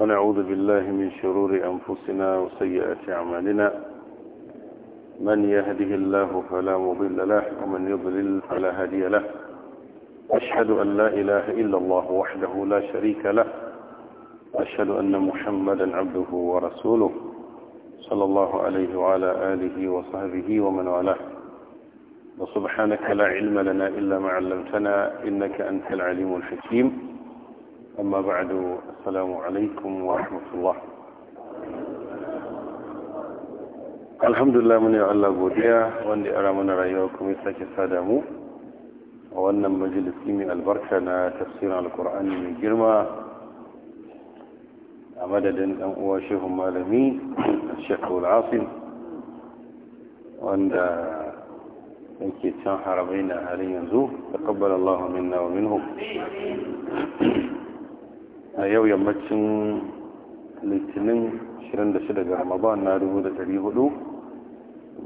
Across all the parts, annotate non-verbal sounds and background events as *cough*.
ونعوذ بالله من شرور أنفسنا وسيئات أعمالنا من يهده الله فلا مضل له ومن يضلل فلا هادي له أشهد أن لا إله إلا الله وحده لا شريك له أشهد أن محمدا عبده ورسوله صلى الله عليه وعلى آله وصحبه ومن والاه وسبحانك لا علم لنا إلا ما علمتنا إنك أنت العليم الحكيم أما بعد السلام عليكم ورحمة الله alhamdulillah muni Allah godiya wanda ya mana rayuwa kuma ya sake sada mu a wannan majalisi mai albarka na tafsirin alkur'ani mai girma a madadin dan uwa shehun malami shekul asim wanda yake can harabai na halin yanzu da kabbar Allah minna wa minhu a yau yammacin litinin 26 ga ramadan na 1400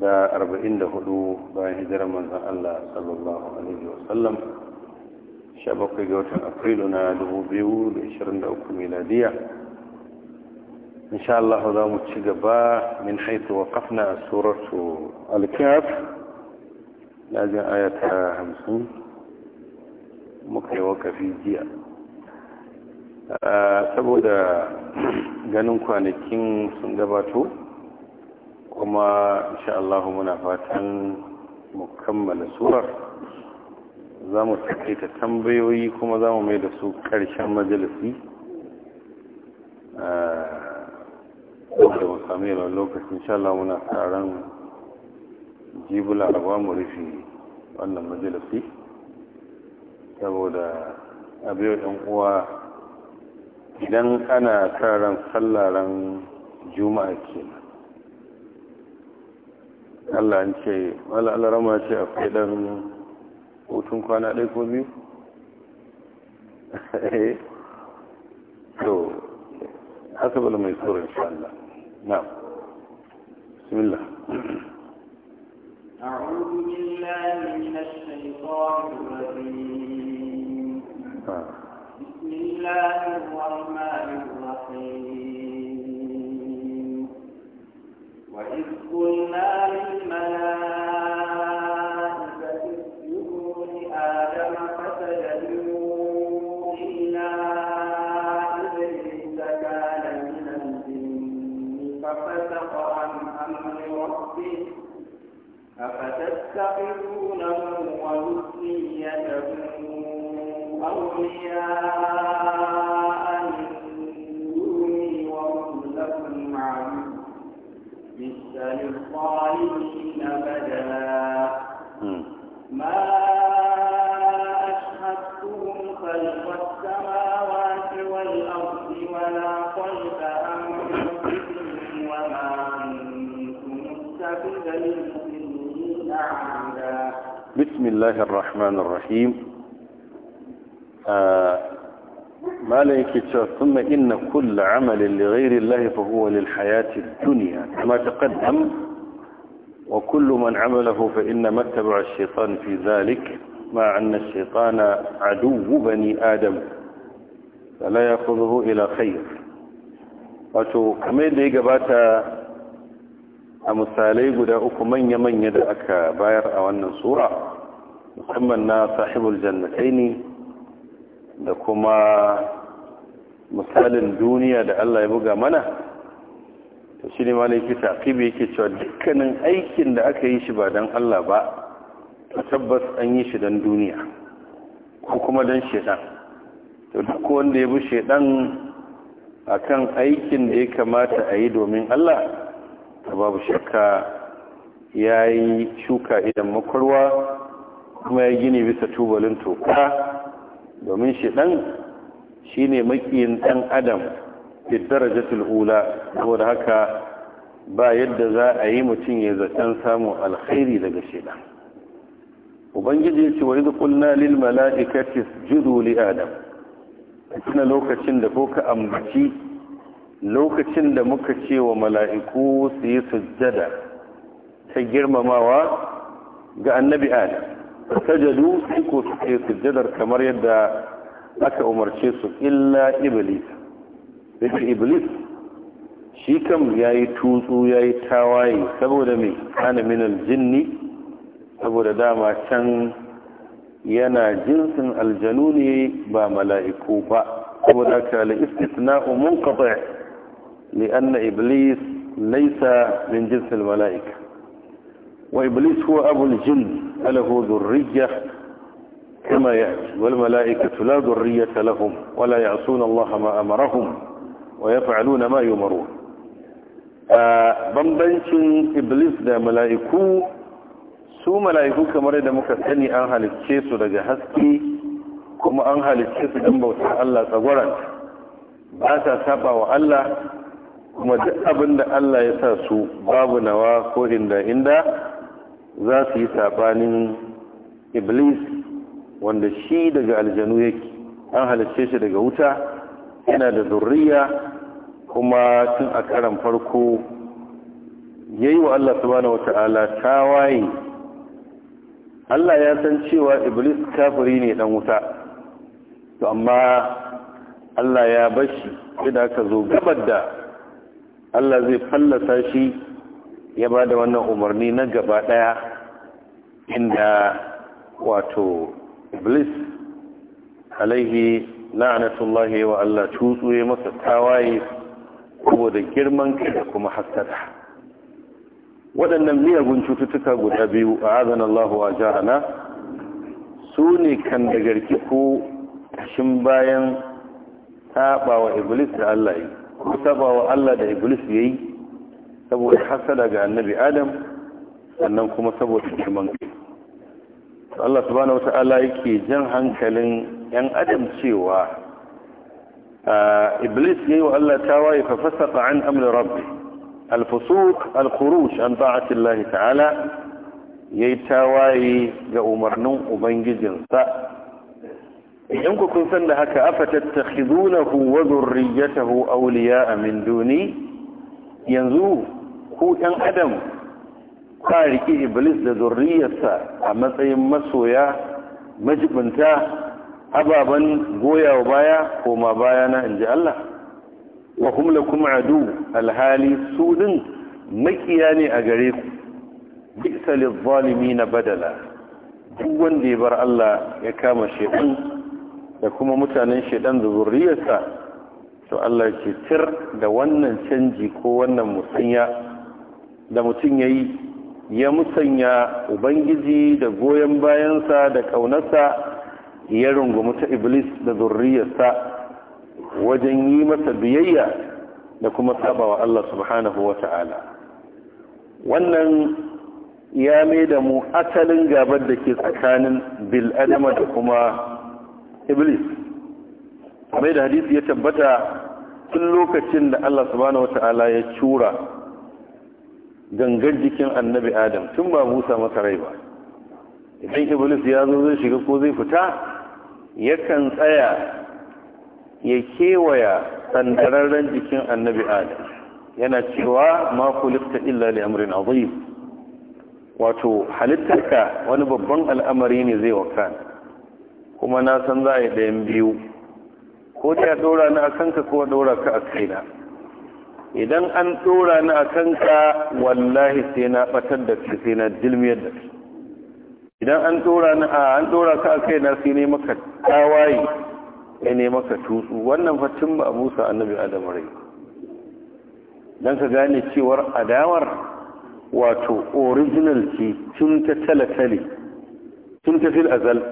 da 44 bayan hijirar manzan Allah sallallahu alaihi wasallam 17 ga watan afrilu na 2023 miladiya insha Allah za mu ci gaba min haitu wa kafna a tsoratu alkaf na jin ayata 50 muka yi kafi jiya saboda ganin kwanakin sun gabato kuma insha Allah muna fatan mu kammala surar za mu takaita tambayoyi kuma za mu mai da su ƙarshen majalisi da mu sami yawan lokacin insha Allah muna tsaron jibula a mu rufe wannan majalisi saboda abin yan uwa idan ana kan sallaren juma'a kenan Allah an ce wala alarama ce a dan hutun kwana ɗaya ko biyu eh. to asabal mai tsoron insha Allah na'am bismillah أعوذ بالله من الشيطان الرجيم الله الرحمن الرحيم وإذ قلنا للملائكة لآدم فسجدوا ففسق عن أمر ربه أفتتخذونه وذريته أولياء الله الرحمن الرحيم آه، ما لك ثم إن كل عمل لغير الله فهو للحياة الدنيا كما تقدم وكل من عمله فإنما اتبع الشيطان في ذلك مع أن الشيطان عدو بني آدم فلا يأخذه إلى خير وكما kamar da ya gabata a من يمن uku manya أو أن aka musamman na sahibul jannataini da kuma misalin duniya da Allah ya buga mana to shi ne malaki taqibi yake cewa dukkanin aikin da aka yi shi ba dan Allah ba to tabbas an yi shi dan duniya ko kuma dan shedan to duk wanda ya bi shedan akan aikin da ya kamata a yi domin Allah ta babu shakka yayi shuka idan makwarwa kuma ya gini bisa tubalin toka domin shi ɗan shi ne makiyin ɗan adam darajatul ula saboda haka ba yadda za a yi mutum ya zaton samun alkhairi daga shi ɗan ubangiji ce wa idu kulna lil mala'ikati sujudu li adam tuna lokacin da ko ka ambaci lokacin da muka ce wa mala'iku su yi sujjada ta girmamawa ga annabi adam فسجدوا سكوا في الجدر كمرية دا أكا أمر شيسو إلا إبليس بك إبليس شيكم ياي توسو ياي تاواي سبو دمي أنا من الجن سبو داما شن ينا جنس الجنوني با ملائكو با سبو داكا لإستثناء منقطع لأن إبليس ليس من جنس الملائكة وإبليس هو أبو الجن فله ذرية كما يأتي والملائكة لا ذرية لهم ولا يعصون الله ما أمرهم ويفعلون ما يمرون bambancin iblis da mala'iku su mala'iku kamar yadda muka sani an halicce su daga haske kuma an halicce su don bauta Allah tsagoran ba ta saba wa Allah kuma duk abin da Allah ya sa su babu nawa ko inda inda za su yi saɓanin iblis wanda shi daga aljanu yake an halarce shi daga wuta yana da zurriya kuma tun a karan farko ya yi wa Allah subhanahu wata'ala tawaye Allah ya san cewa iblis kafiri ne dan wuta to amma Allah ya bashi idan ka zo gabar da Allah zai fallasa shi ya ba da wannan umarni na gaba ɗaya inda wato iblis alaihi la'anatullahi wa Allah tutsuye masa tawaye da girman kai da kuma hasada waɗannan miyagun cututtuka guda biyu a Allah wa jahana su ne kan da garki ko shin bayan taɓawa wa iblis da Allah yi ko taɓa wa Allah da iblis yayi saboda hasada ga annabi adam sannan kuma saboda girman kai Allah subhanahu wata'ala yake jan hankalin 'yan adam cewa iblis ne wa Allah ta waye fa fasaka an amri rabbi al-fusuq an ta'ati Allah ta'ala yayi ta waye ga umarnin ubangijinsa sa ku kun san da haka afa tattakhidunahu wa dhurriyyatahu awliya'a min duni yanzu ko ‘yan adam ta rike iblis da zurriyarsa a matsayin masoya majibinta ababen wa baya koma baya na inji Allah wa hum kuma adu alhali su din makiya ne a gare ku bisa na badala duk wanda ya bar Allah ya kama shedan da kuma mutanen shedan da zurriyarsa to Allah ke tir da wannan canji ko wannan musanya da mutum ya yi ya musanya ubangiji da goyon bayansa da ƙaunarsa ya rungumi ta iblis da zurriyarsa wajen yi masa biyayya da kuma sabawa Allah subhanahu wa ta'ala wannan ya mai da mu asalin gabar da ke tsakanin bil'adama da kuma iblis mai da hadisi ya tabbata tun lokacin da Allah subhanahu wa ta'ala ya cura gangar jikin annabi adam tun ba musa masa rai ba idan iblis ya zo zai shiga ko zai fita yakan tsaya ya kewaya tsandararren jikin annabi adam yana cewa ma kulifta illa li amrin azim wato halittarka wani babban al'amari ne zai waka kuma na san za a yi ɗayan biyu ko dai a ɗora ni a kanka ko a ɗora ka a kaina idan an ɗora ni a kanka wallahi sai na batar da kai sai na dilmiyar da idan an ɗora ni a an ɗora ka a kai na sai ne maka tawaye sai ne maka tutsu wannan fatin ba a musa annabi adam rai don ka gane cewar adawar wato original ce tun ta talatale tun ta fil azal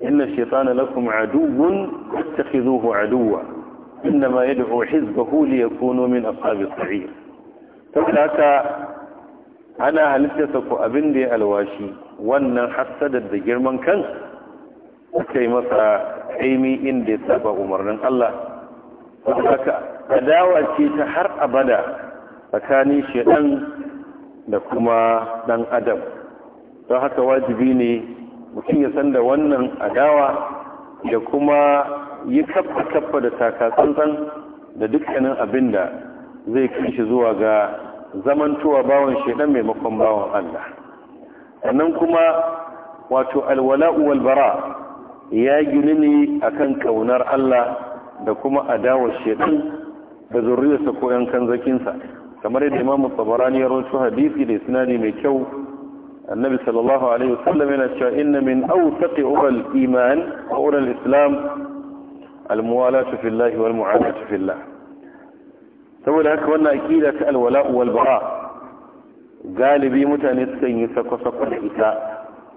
inna shaitana lakum aduwwun tattakhidhuhu aduwwa إنما يدعو حزبه ليكونوا من أصحاب السعير haka ana halittarsa ku abin da ya alwashi wannan hassadar da girman kan aka yi masa aimi inda ya saba umarnin Allah haka adawa ce ta har abada tsakanin shaɗan da kuma ɗan adam don haka wajibi ne mutum ya san da wannan adawa da kuma yi kafa kafa da taka da dukkanin abin da zai kai shi zuwa ga zamantowa bawan shaidan maimakon bawan Allah sannan kuma wato alwala'u walbara ya gini ne akan kaunar Allah da kuma adawar shaidan da zurriyarsa ko yankan zakinsa kamar yadda imamu tsabarani ya rawaito hadisi da sinadi mai kyau النبي yana yana inna min min من أوثق iman a وأولى islam. al-muwalatu fillahi wal mu'adatu fillah saboda haka wannan aqida ta alwala wal bara galibi mutane sukan yi sako-sako da ita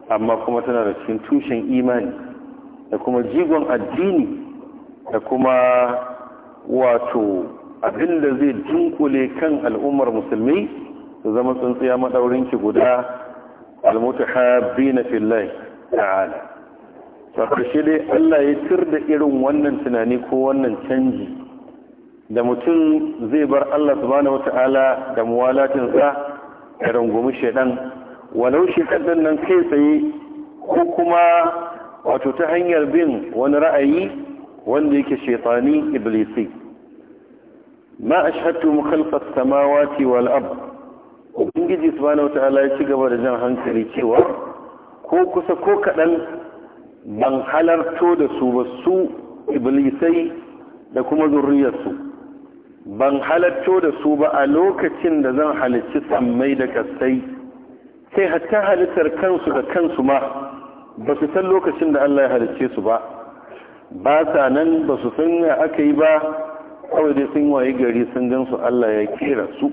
amma kuma tana da cikin tushen imani da kuma jigon addini da kuma wato abinda zai dunkule kan al'ummar musulmi su zama tsuntsiya ki guda al-mutahabbina fillahi ta'ala ta ƙarshe dai Allah ya tur da irin wannan tunani ko wannan canji da mutum zai bar Allah subhanahu wata'ala da sa da rangumi shaidan walau shaidan nan kai tsaye ko kuma wato ta hanyar bin wani ra'ayi wanda yake shaitani iblisi ma ashhadu khalqa samawati wal ab ubangiji subhanahu wataala ya ci gaba da jan hankali cewa ko kusa ko kaɗan ban halarto da su ba su iblisai da kuma zurriyarsu ban halarto da su ba a lokacin da zan halicci sammai da kasai sai hatta halittar kansu da kansu ma ba su san lokacin da Allah ya halicce su ba ba sa nan ba su san ya aka yi ba kawai dai sun waye gari sun gan su Allah ya kera su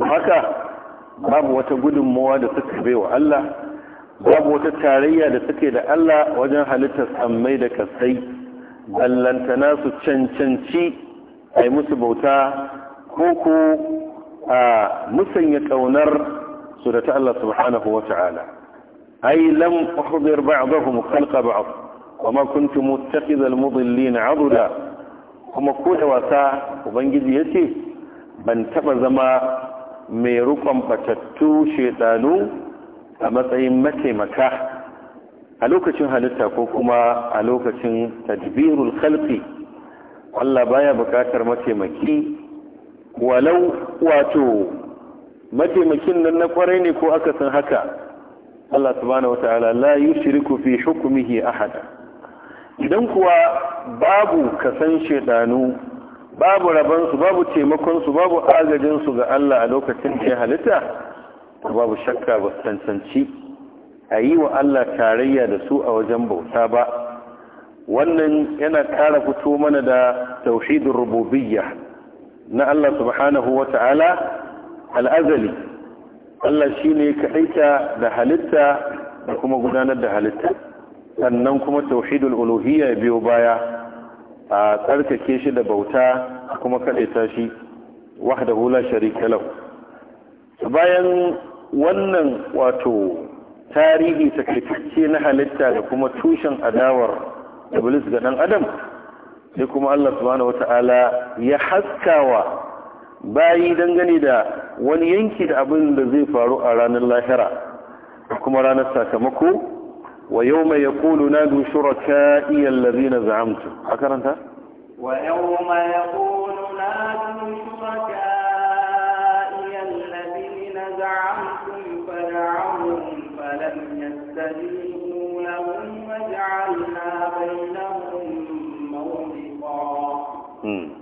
haka babu wata gudunmawa da suka bai wa Allah babu wata tarayya da suke da Allah wajen halittar sammai da kasai ballantana su cancanci a yi musu bauta ko a musanya ƙaunar su da ta Allah subhanahu wa ta'ala ai lam uhdir ba'dahum khalqa ba'd kuma kuntum muttakhidha al-mudillin 'aduda kuma ko da wasa ubangiji yace ban taba zama mai rukon batattu shedanu a matsayin mataimaka a lokacin halitta ko kuma a lokacin tadbirul khalqi Allah baya bukatar mataimaki walau wato mataimakin nan na kwarai ne ko aka san haka Allah subhanahu wataala la yushriku fi hukmihi ahada idan kuwa babu kasan shedanu babu rabansu babu taimakonsu babu agajinsu ga Allah a lokacin halitta babu shakka ba cancanci a yi wa Allah tarayya da su a wajen bauta ba wannan yana ƙara fito mana da tauhidin rububiyya na Allah subhanahu wa ta'ala al'azali Allah shi ne kaɗaita da halitta da kuma gudanar da halitta sannan kuma tauhidul uluhiyya biyo baya a tsarkake shi da bauta kuma kaɗaita shi wahda la sharikalau bayan wannan wato tarihi takaitacce na halitta da kuma tushen adawar iblis ga dan adam sai kuma Allah subhanahu wata'ala ya haskawa bayi dangane da wani yanki da abin da zai faru a ranar lahira kuma ranar sakamako wa yau mai ya kulu na dushura iya lalazi na za'amtu a karanta? wa yau mai ya kulu na زعمتم فدعوهم فلم يستجيبوا لهم وجعلنا بينهم موبقا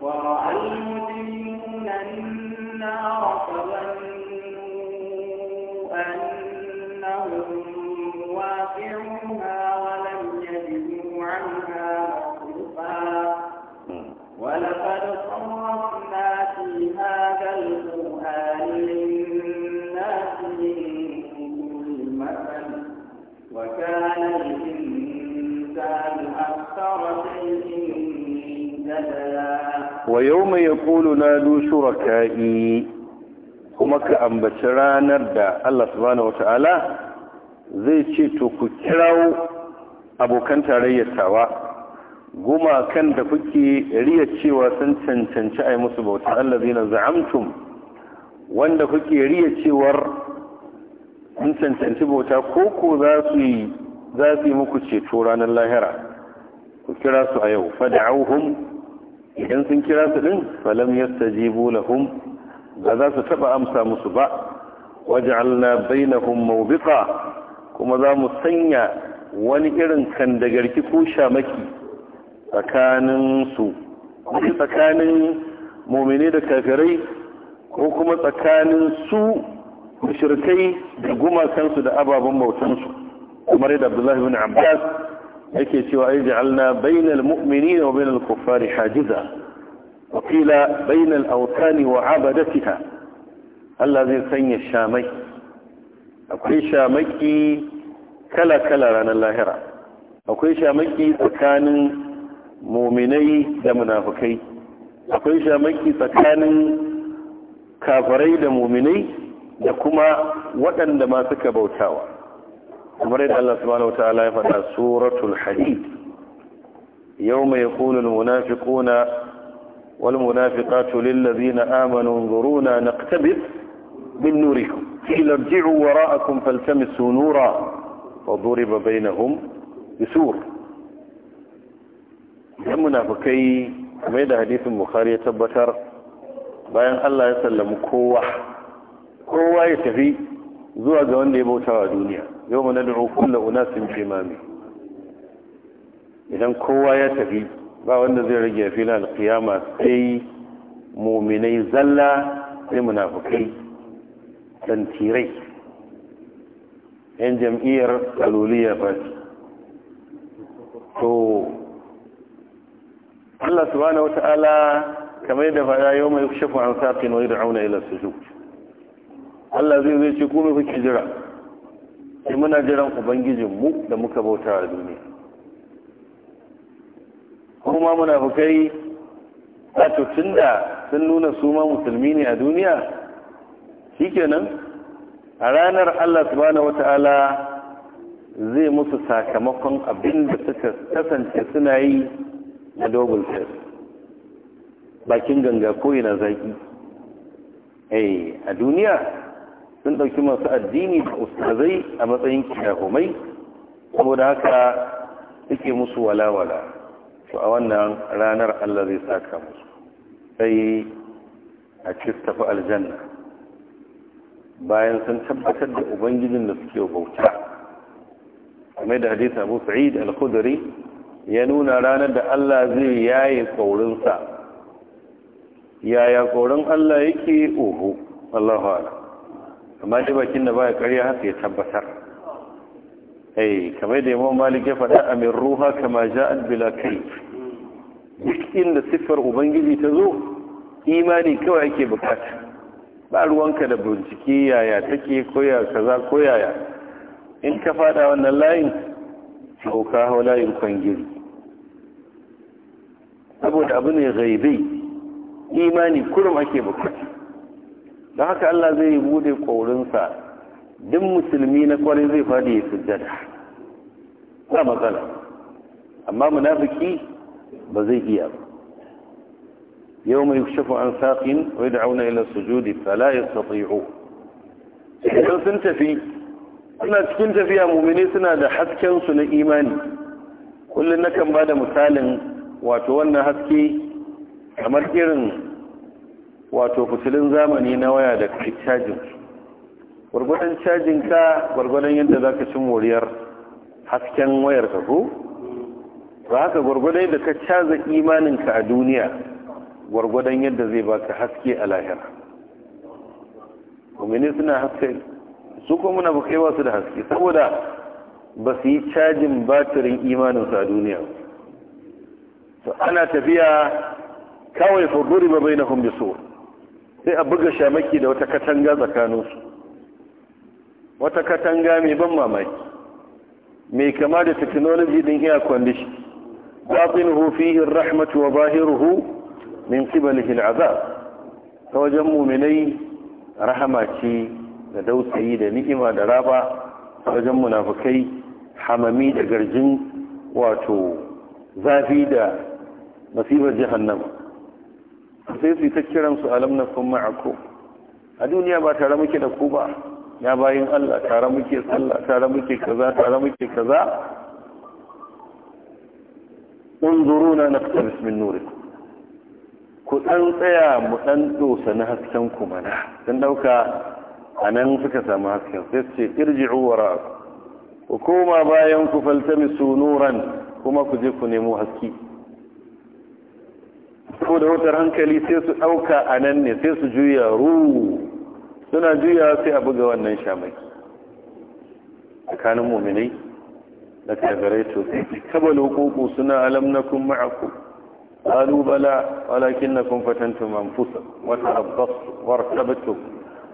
ورأى المجرمون النار فظنوا أنهم ولم يجدوا عنها مصرفا ولقد صرفنا في هذا wa yau mai ya kolo na dushura ka'i kuma ka ambaci ranar da Allah subhanahu wata'ala zai ce to ku kira abokan tarayyatawa gumakan da kuke riya cewa sun cancanci a yi musu bauta Allah zai za'amtum wanda kuke riya cewar sun cancanci bauta ko ko za su yi muku ceto ranar lahira ku kira su a yau fada'auhum idan sun kira su din falam yastajibu lahum ba za su taba amsa musu ba waj'alna bainahum mawbiqa kuma za mu sanya wani irin kandagarki ko shamaki tsakanin su tsakanin mumini da kafirai ko kuma tsakanin su mushrikai da gumakansu da ababen bautansu kamar yadda Abdullahi bin Abbas yake cewa ai ja'alna bainal mumini wa bainal kufari hajiza wa qila bainal awtani wa abadatiha Allah zai sanya shamai akwai shamaki kala kala ranar lahira akwai shamaki tsakanin muminai da munafukai akwai shamaki tsakanin kafarai da muminai da kuma waɗanda masu suka bautawa مريد الله سبحانه وتعالى فتا سورة الحديد يوم يقول المنافقون والمنافقات للذين آمنوا انظرونا نقتبس من نوركم إلا ارجعوا وراءكم فالتمسوا نورا فضرب بينهم بسور المنافقي ميدا حديث مخارية بشر بيان الله يسلم كوة كوة يتفي زوجة وندي بوتها دنيا yau na da kulla unasin imami idan kowa ya tafi ba wanda zai rage a filin alkiyama sai muminai zalla sai munafukai dan tirai yan jam'iyyar aloliya fati to Allah subhanahu wata'ala kamar da fada yau mai shafi an sa wa yi da auna ila su, Allah zai zai ce kuma kuke jira sai muna jiran mu da muka bauta a duniya kuma muna munafukai a tun da sun nuna su ma musulmi ne a duniya shi shikenan a ranar allah subhanahu ta'ala zai musu sakamakon abin da suka kasance suna yi na dogon test bakin ganga ko yana zaki eh a duniya sun ɗauki masu addini da ustazai a matsayin kiyahumai da haka suke musu walawala su a wannan ranar Allah zai saka musu sai a tafi aljanna bayan sun tabbatar da ubangijin da suke bauta mai da hadisa abu sa'id al khudari ya nuna ranar da Allah zai yaye kaurinsa yaya kaurin Allah yake Uhu, Allahu ala amma dai bakin da baya ƙarya haka ya tabbatar eh kamar da imam malik ya faɗa amir ruha kama ja'at bila kai duk inda siffar ubangiji ta zo imani kawai ake bukata ba ruwanka da bincike yaya take koya kaza ko yaya in ka faɗa wannan layin to ka hau layin kwangiri saboda abu ne gaibai imani kurum ake bukata don haka Allah zai yi bude ƙorinsa duk musulmi na kwarai zai faɗi ya sujjada ba matsala amma munafiki ba zai iya ba yau mai shafi an saƙin wai da auna ilar sujudi fala ya satsi'o idan sun tafi suna cikin tafiya mumini suna da haskensu na imani kullum nakan ba da misalin wato wannan haske kamar irin wato fitilun zamani na waya da ka cajin gwargwadon cajin ka gwargwadon yadda za ka ci moriyar hasken wayar ka ko ba haka gwargwadon da ka caza imaninka a duniya gwargwadon yadda zai baka haske a lahira umarni suna haske su kuma muna bukaiwa su da haske saboda ba su yi cajin batirin imaninsu a duniya to ana tafiya kawai fa na bainahum bisur sai a buga shamaki da wata katanga tsakaninsu wata katanga mai ban mamaki mai kama da technology din air condition hufi in rahmatu wa bahiruhu min qibalihi aza ta wajen muminai rahama ce da dausayi da ni'ima da raba ta wajen munafukai hamami da garjin wato zafi da masifar jihannama sai su yi ta su alam na kun ma'ako a duniya ba tare muke da ku ba ya bayin Allah tare muke sallah tare muke kaza tare muke kaza na naqtabis min nuri ku ɗan tsaya mu ɗan dosa na hasken ku mana don ɗauka a nan suka samu hasken sai ce irji wara ku koma bayan ku faltamisu nuran kuma ku je ku nemo haske ko da wutar hankali sai su ɗauka a nan ne sai su juya ru suna juya sai a buga wannan shamaki tsakanin muminai da kafirai to sai kabal hukuku suna alam na kun ma'aku قالوا بلى ولكنكم فتنتم أنفسكم وتربصتم وارتبتم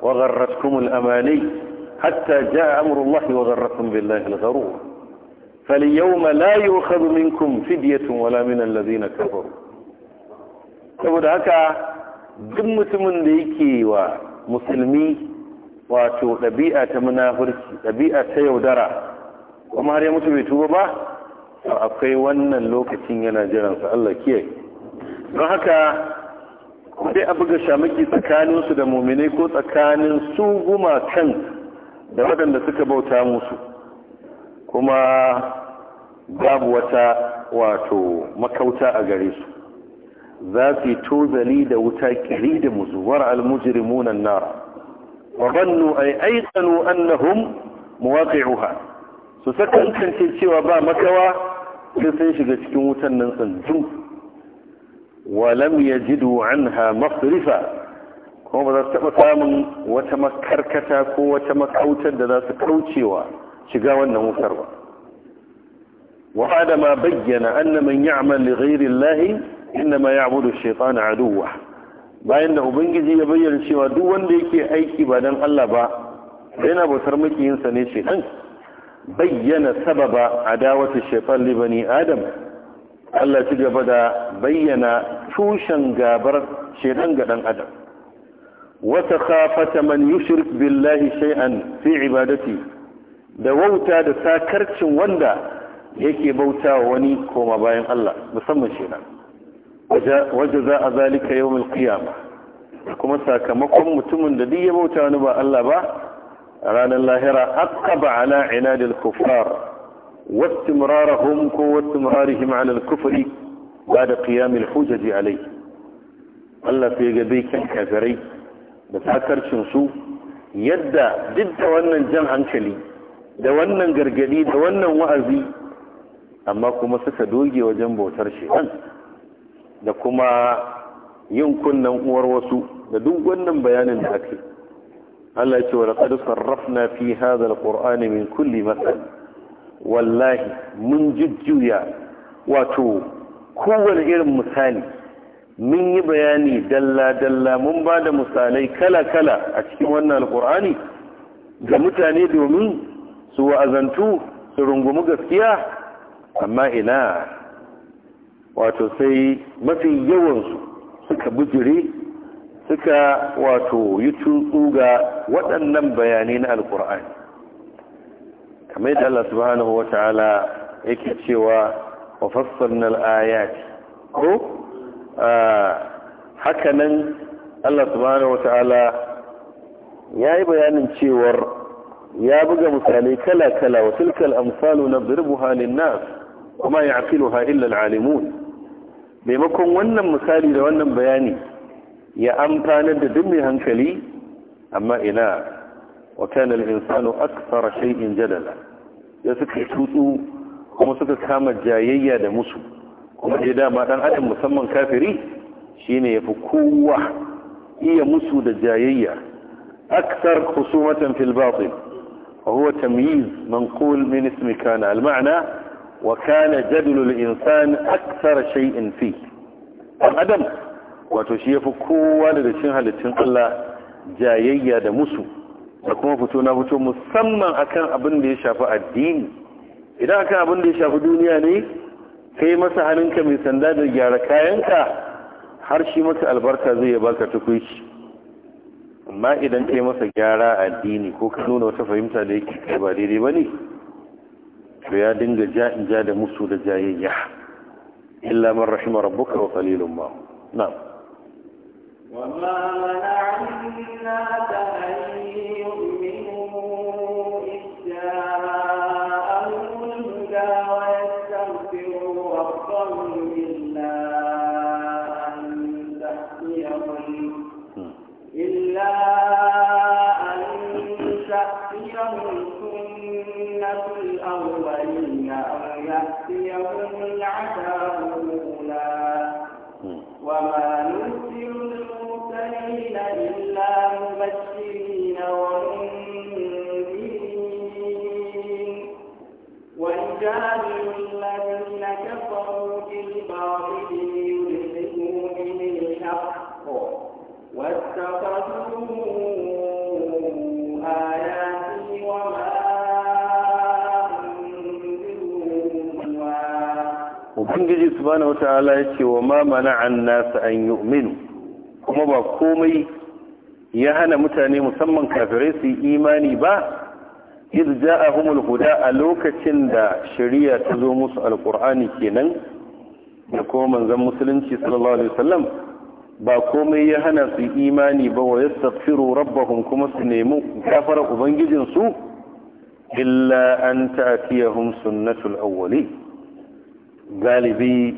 وغرتكم الأماني حتى جاء أمر الله وغركم بالله الغرور فاليوم لا يؤخذ منكم فدية ولا من الذين كفروا saboda haka duk mutumin da yake wa musulmi wato ɗabi'a ta munafurci ɗabi'a ta yaudara kuma har ya mutu bai tuba ba to akwai wannan lokacin yana jiran sa Allah kiyaye don haka dai abu ga shamaki tsakanin su da muminai ko tsakanin su kan da waɗanda suka bauta musu kuma babu wata wato makauta a gare su za su tozali da wuta kiri da musuwar almujrimunan nara wa bannu ay aiqanu annahum muwaqi'uha su saka kance cewa ba makawa sai sun shiga cikin wutan nan sanzu wa lam yajidu anha mafrifa kuma ba za su taɓa samun wata makarkata ko wata makautar da za su kaucewa shiga wannan wutar ba wa adama bayyana anna man ya'mal li ghayri inda ma ya abudu shaitan aduwa bayan da ubangiji ya bayyana cewa duk wanda yake aiki ba dan Allah ba yana bautar makiyinsa ne shaitan bayyana sababa adawati shaitan li bani adam Allah ci gaba da bayyana tushen gabar shaitan ga dan adam wata khafata man yushrik billahi shay'an fi ibadati da wauta da sakarcin wanda yake bautawa wani koma bayan Allah musamman shaitan waje za a zalika yau milkiyama kuma sakamakon mutumin da duk ya bauta wani ba Allah ba a ranar lahira ba ala da kufar wasu murarahun ko wasu murarihim ala kufari ba da qiyamil hujaji alai Allah sai ga bai kan kafirai da takarcin su yadda duk da wannan jan hankali da wannan gargadi da wannan wa'azi amma kuma suka doge wajen bautar shi da kuma yin kunnan uwar wasu da duk wannan bayanin da ake Allah ya ce wa laqad sarrafna fi hadha alquran min kulli mathal wallahi mun jujjuya wato kowane irin misali mun yi bayani dalla dalla mun ba da misalai kala kala a cikin wannan alqur'ani ga mutane domin su wa'azantu su rungumi gaskiya amma ina wato sai mafi yawansu suka bijire suka wato yi tutsu ga waɗannan bayanai na alkur'ani kamar yadda Allah subhanahu wa ta'ala yake cewa wa fassarna al-ayat ko haka nan Allah subhanahu wa ta'ala yayi bayanin cewar ya buga misalai kala kala wa tilkal amsalu na lin-nas وما يعقلها إلا العالمون maimakon wannan misali da wannan bayani ya amfanar da duk mai hankali amma ina wa kana al-insanu akthara shay'in jadala ya suka tutsu kuma suka kama jayayya da musu kuma dai dama dan adam musamman kafiri shine yafi kowa iya musu da jayayya akthar khusumatan fil batil وهو تمييز منقول من اسم wa kana jadlul insan akthar shay'in fi adam wato shi yafi kowa daga cikin halittun Allah jayayya da musu da kuma fito na fito musamman akan abin da ya shafi addini idan akan abin da ya shafi duniya ne kai masa hannunka mai sanda da gyara kayanka har shi maka albarka zai ya baka tukuici amma idan kai masa gyara addini ko ka nuna wata fahimta da yake ba daidai ba ne to ya dinga ja'in ja da musu da jayayya illa man rahima rabbuka wa qalilun ma na'am wa ma mana'na ubangiji subhanahu wataala ya ce wa ma mana'an nasu an yu'minu kuma ba komai ya hana mutane musamman kafirai su yi imani ba iz ja'ahumul huda a lokacin da shari'a ta zo musu alqur'ani kenan da kuma manzon musulunci sallallahu alaihi wasallam ba komai ya hana su imani ba wa yastaghfiru rabbahum kuma su nemi gafara su illa an ta'tiyahum sunnatul awwalin galibi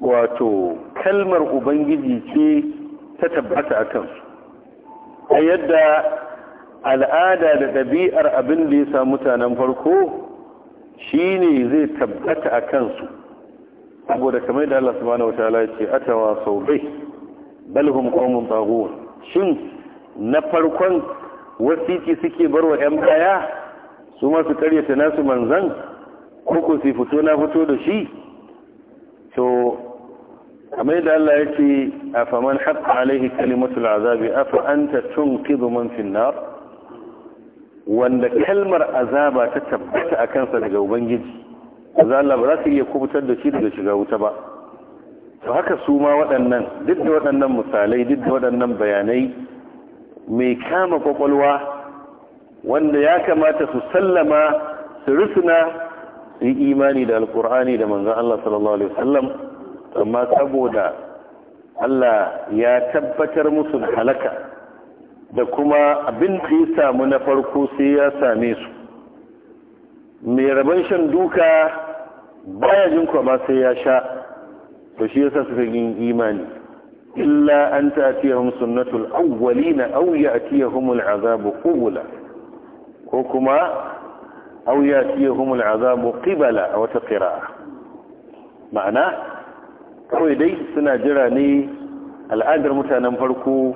wato kalmar ubangiji ce ta tabbata a kansu a yadda al'ada da ɗabi'ar abin da ya sa mutanen farko shi ne zai tabbata a kansu saboda kamar da Allah subhanahu wataala ce atawa sau bai balhum qaumun taghut shin na farkon wasiki suke barwa yan baya su ma su karyata nasu manzan ko ko su fito na fito da shi to kamar yadda Allah ya ce a faman haƙa alaihi kalimatul azabi a fa'anta tun man fin wanda kalmar azaba ta tabbata a kansa daga ubangiji azalla ba za su iya kubutar da shi daga shiga wuta ba to haka su ma waɗannan duk da waɗannan misalai duk da waɗannan bayanai mai kama kwakwalwa wanda ya kamata su sallama su rusuna yi imani da alkur'ani da manzan Allah sallallahu alaihi wasallam amma saboda Allah ya tabbatar musu da halaka da kuma abin da ya samu na farko sai ya same su mai rabon shan duka baya jin kwama sai ya sha to shi yasa suka yin imani illa an ta'tiyahum sunnatul awwalina aw a al'azabu qula ko kuma او ياتيهم العذاب قبل وتقراء معنى كوي دي سنا جراني العدر متانا مفركو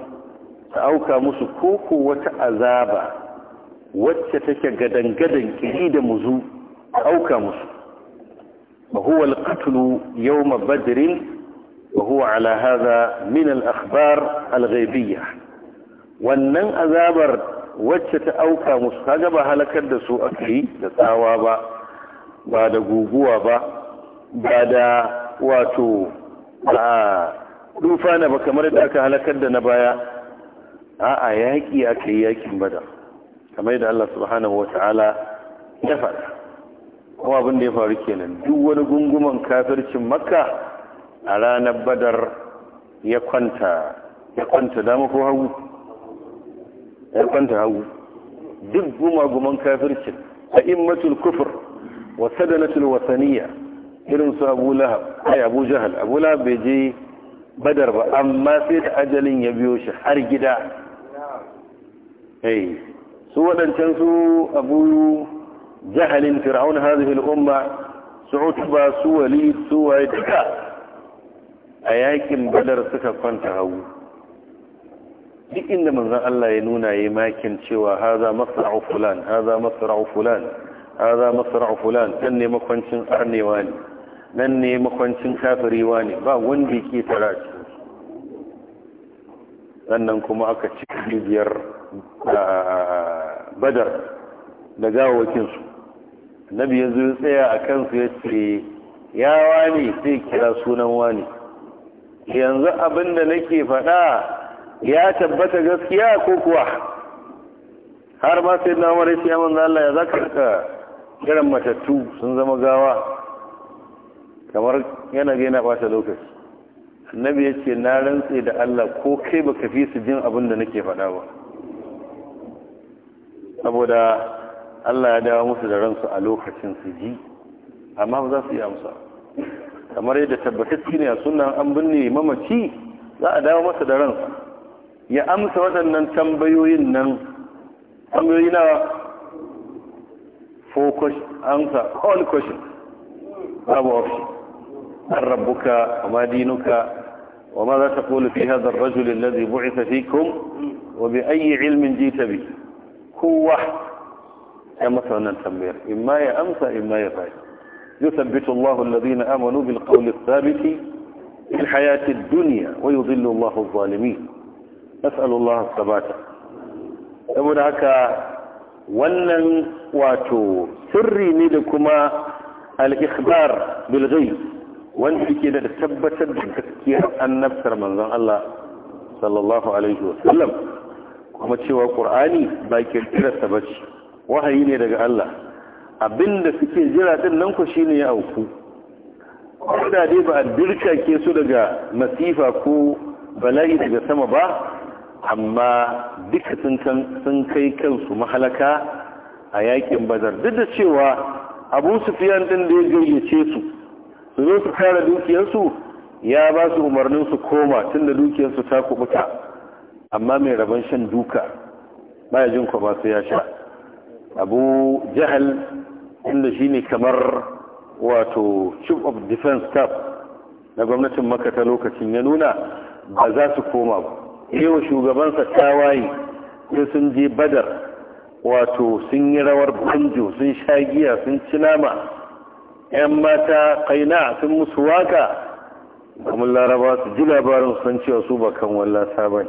ساوكا مسكوكو وتعذابا واتتك قدن قدن كهيد مزو اوكا مسكو وهو القتل يوم بدر وهو على هذا من الاخبار الغيبية وانن اذابر wacce ta auka musu kaga ba halakar da su aka yi da tsawa ba ba da guguwa ba ba da wato a dufa na ba kamar da aka halakar da na baya a'a yaƙi aka yi yaƙin bada kamar da Allah subhanahu wa ta'ala ya faɗa kuma abin da ya faru kenan duk wani gunguman kafircin makka a ranar badar ya kwanta ya kwanta dama ko hagu ya kwanta hagu duk gumaguman kafircin a immatul kufur wa sadanatul wasaniya irin su abu lahab ai abu jahal abu lahab bai je badar ba amma sai da ajalin ya biyo shi har gida hey su waɗancan su abu jahalin fir'aun hadhihi al-umma su utba su walid su waye duka a yakin badar suka kwanta hagu duk inda manzan Allah ya nuna ya makin cewa Ha za masra'u fulan haza masra'u fulan haza masra'u fulan nan ne makwancin arnewa ne nan ne makwancin kafirewa ne ba wanda ke tara shi sannan kuma aka ci biyar badar da gawakin Na annabi ya zo tsaya a kansu ya ce ya wani sai kira sunan wani yanzu abin da nake faɗa ya tabbata gaskiya ko kuwa har ma sai na umar ya ce da Allah ya zaka ka matattu sun zama gawa kamar yana gina bata lokaci annabi ya na rantse da Allah ko kai baka fi su jin abin da nake faɗa ba saboda Allah ya dawo musu da ransu a lokacin su ji amma ba za su yi amsa kamar yadda tabbatacci ne a sunan an binne mamaci za a dawo masa da ransa يا amsa waɗannan tambayoyin nan tambayoyi na focus amsa all question babu option an rabbuka wa وماذا تقول في هذا الرجل الذي بعث فيكم وبأي علم جيت به كوة مثلا التنبير إما يا أمسى إما يا فاي يثبت الله الذين آمنوا بالقول الثابت في الحياة الدنيا ويضل الله الظالمين Allah sabata saboda haka wannan wato sirri ne da kuma al-ikhbar bil ghaib wanda yake da tabbatar da gaskiyar annabtar manzon Allah sallallahu alaihi wa kuma cewa qur'ani ba ke kirkirarsa bace wahayi ne daga Allah abinda suke jira din nan ku shine ya auku ko dai ba a dirka ke su daga masifa ko bala'i daga sama ba amma duka sun kai kansu mahalaka a yakin bazar duk da cewa abu sufiyan din da ya gayyace su su zo su kare dukiyarsu ya ba su umarnin su koma tun da dukiyarsu ta kubuta amma mai rabon shan duka baya jin kwa masu ya sha abu jahal inda shi ne kamar wato chief of defense staff na gwamnatin makata lokacin ya nuna ba za su koma ba Yau shugabansa tawaye sai sun je badar wato sun yi rawar banjo sun sha giya sun ci nama yan mata kaina sun musu waka kamar laraba su ji labarin sun cewa su ba kan wallasa ba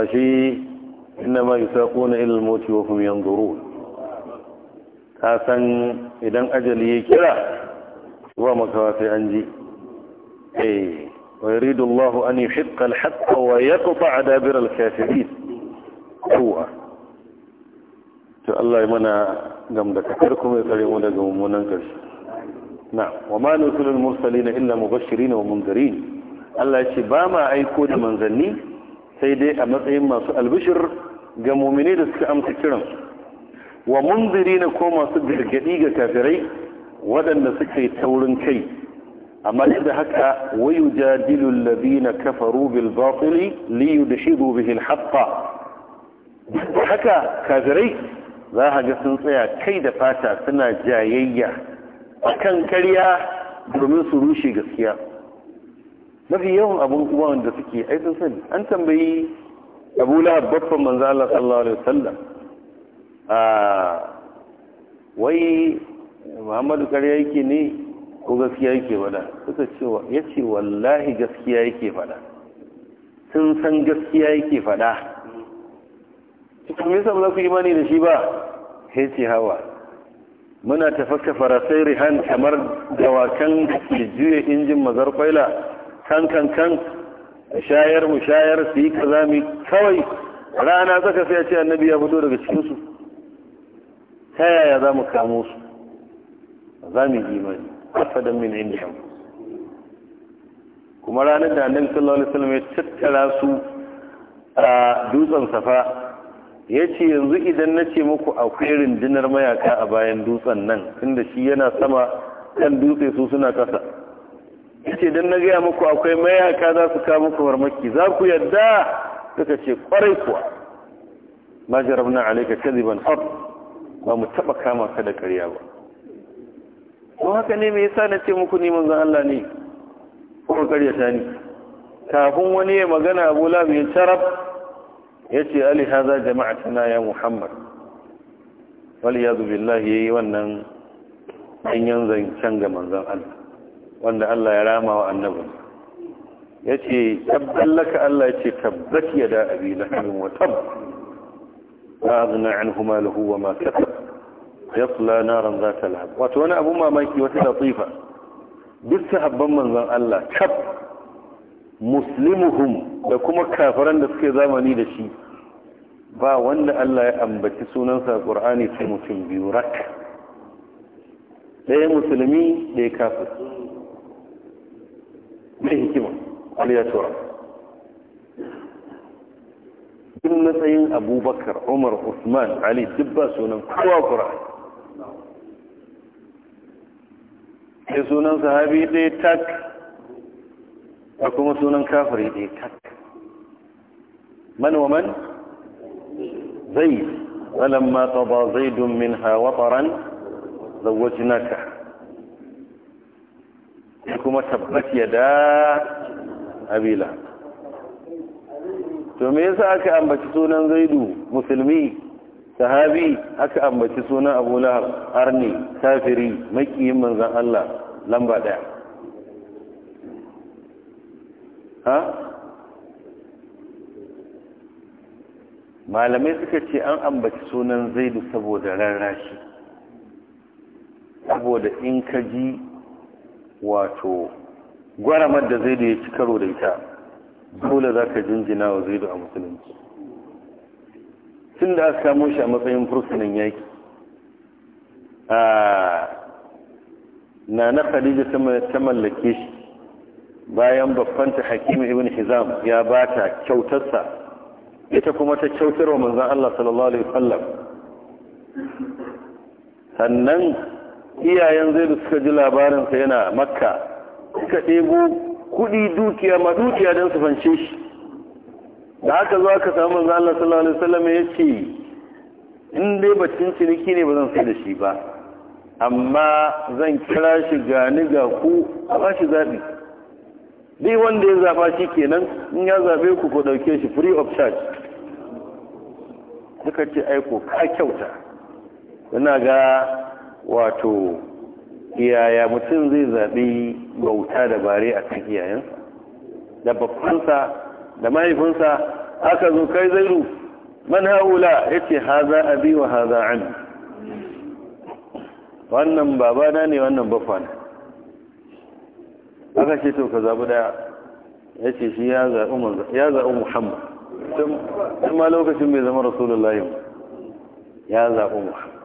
a shi ina ma yi saƙo na ilil moti wa kuma zuru ka san idan ajali ya kira ba makawa sai an ji eh ويريد الله أن يحق الحق ويقطع دابر الكافرين هو الله يمنع جمد كفركم يسلمون جمومون انكرش نعم وما نرسل المرسلين إلا مبشرين ومنذرين الله يشي باما أيكو دا منزلني سيدي أمسعين ما سؤال بشر جموميني دسك أمس كرم ومنذرين كوما صدر جديد كافرين ودن سكي تولن كي amma duk da haka wayu jadilul ladina kafaru bil batil li yudhibu bihi al haqqa haka kafirai za ka ga sun tsaya kai da fata suna jayayya akan karya domin su rushe gaskiya mafi yawan abun uwan da suke ai sun sani an tambayi Abu Lahab babban manzo Allah sallallahu alaihi wasallam a ah, wai Muhammadu kariya yake ne ko gaskiya yake faɗa suka ce ya ce wallahi gaskiya yake faɗa sun san gaskiya yake faɗa kuma yasa ba za ku imani da shi ba ya ce hawa muna tafakka farasai rihan kamar dawakan da juya injin mazar kwaila kan kan kan shayar mu shayar su yi kaza mi kawai rana saka sai a ce annabi ya fito daga cikinsu ta yaya za mu kamo su za mu imani asadan min indihim kuma ranar da annabi sallallahu alaihi wasallam ya tattara su a dutsen safa ya ce yanzu idan na ce muku akwai rundunar mayaka a bayan dutsen nan inda shi yana sama kan dutse su suna kasa ya ce idan na gaya muku akwai mayaka za su kawo muku farmaki za ku yadda suka ce kwarai kuwa ma jarabna alaika kadiban har ba mu taɓa kama ka da karya ba ko haka ne me yasa na ce muku ni manzon Allah ne kuma karyata kafin wani ya magana Abu Lahab ya tarab yace ali haza jama'atuna ya Muhammad wal yadu billahi yayi wannan danyen zancen ga manzon Allah wanda Allah ya rama wa annabi yace tabballaka Allah yace tabbat ya abi lahab wa tab la aghna anhu maluhu wa ma kasab yasla naran za lahab wato wani abun mamaki wata latifa duk sahabban manzon Allah kaf muslimuhum da kuma kafiran da suke zamani da shi ba wanda Allah ya ambaci sunansa a Qur'ani sai mutum biyu rak ɗaya musulmi ɗaya kafir mai hikima ya tura duk matsayin abubakar umar usman ali duk ba sunan kowa Qur'ani sai sunan sahabi ɗaya tak da kuma sunan kafiri ɗaya tak man wa man zai walamma taba zaidun min hawataran zawajinaka ya kuma tabbat ya da abila to me yasa aka ambaci sunan zaidu musulmi sahabi aka ambaci sunan abu lahab arni kafiri makiyin manzan allah lamba ɗaya ha malamai suka ce an ambaci sunan zaidu saboda rarrashi saboda in ka ji wato gwaramar da zaidu ya ci karo da ita dole za ka jinjina wa zaidu a musulunci tun da aka kamo shi a matsayin fursunan yaki a na na khadija ta mallake shi bayan babbanta hakim ibn hizam ya ba ta kyautarsa ita kuma ta kyautar wa manzan Allah sallallahu alaihi wasallam sannan iyayen zai da suka ji labarinsa yana makka suka ɗebo kuɗi dukiya ma dukiya don su fance shi da haka zuwa ka samu manzo Allah sallallahu alaihi wasallam ya ce in dai cin ciniki ne ba zan sai da shi ba amma zan kira shi gani ga ku a ba shi zabi dai wanda ya zaba shi kenan in ya zabe ku ko dauke shi free of charge suka ce aiko ka kyauta suna ga wato yaya mutum zai zaɓi bauta da bare a kan iyayensa da babbansa da mahaifinsa aka zo kai zairu man haula yace haza abi wa haza an wannan babana ne wannan bafana aka ce to ka zaɓi ɗaya ya ce shi ya zaɓi muhammad tun ma lokacin bai zama rasulullahi ya zaɓi muhammad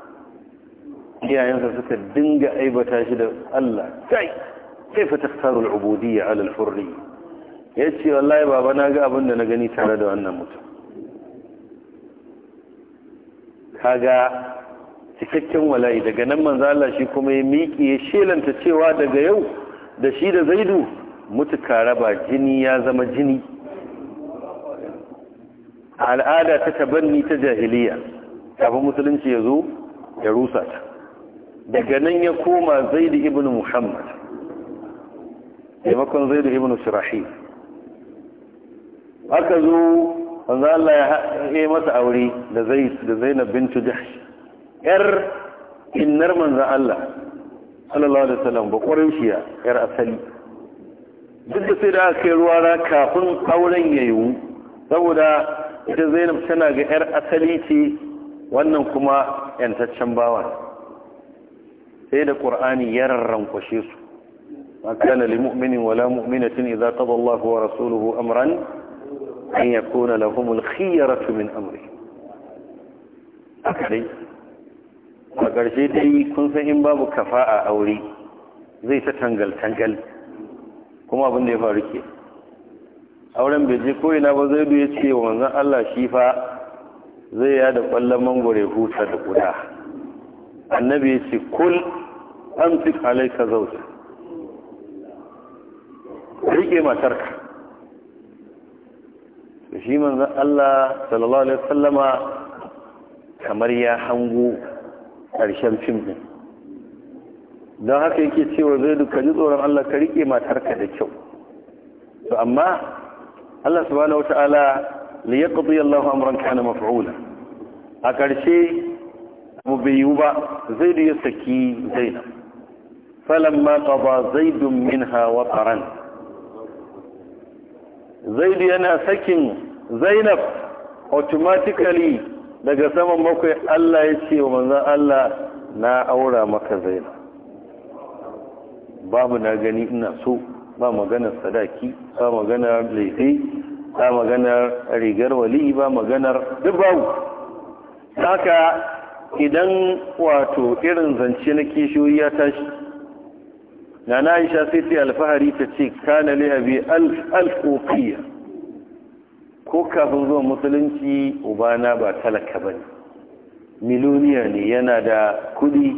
iyayensa suka dinga aibata shi da allah kai كيف تختار العبودية على الحرية ya ce wallahi baba na ga abin da na gani tare da wannan mutum kaga cikakken wala'i daga nan manzo Allah shi kuma ya miƙe ya shelanta cewa daga yau da shi da zaidu mutuka raba jini ya zama jini al'ada ta tabanni ta jahiliya kafin musulunci ya zo ya rusa ta daga nan ya koma zaidu ibn muhammad taimakon zaidu ibn shirahil aka zo wanzu Allah ya haɗe masa aure da zai da Zainab Bintu Jahsh yar innar manzan Allah sallallahu alaihi wasallam ba ya yar asali duk da sai da aka yi ruwa na kafin auren ya yiwu saboda ita Zainab tana ga yar asali ce wannan kuma yantaccen bawan. sai da ƙur'ani ya rarrankwashe su ما كان لمؤمن ولا wala إذا قضى الله ورسوله أمرا an yakuna lahumul khiyaratu min amri akadai a ƙarshe dai kun san in babu kafa a aure zai ta tangal-tangal kuma abin da ya faru ke auren bai je ina ba Zaidu ya ce wa manzan Allah shi fa zai yada da mangwaro ya huta da guda annabi ya ce kul an fi alaika zauta rike matarka da shi manzon Allah sallallahu alaihi sallama kamar ya hango ƙarshen fim din don haka yake cewa zai duka ji tsoron Allah ka riƙe matarka da kyau to amma Allah subhanahu wataala li yaqdi Allahu amran kana maf'ula a ƙarshe mu bai yi ba zai ya saki Zainab falamma qada zaidun minha wa qaran zaidu yana sakin zainab automatically daga saman bakwai Allah ya ce wa manzan Allah na aura maka zainab babu na gani ina so ba maganar sadaki ba maganar laifi ba maganar rigar wali ba maganar duk haka idan wato irin zance na kishiyoyi ya tashi na na aisha sai ta alfahari ta ce kana li abi alf ko kafin zuwa musulunci ubana ba talaka ba ne miloniya ne yana da kudi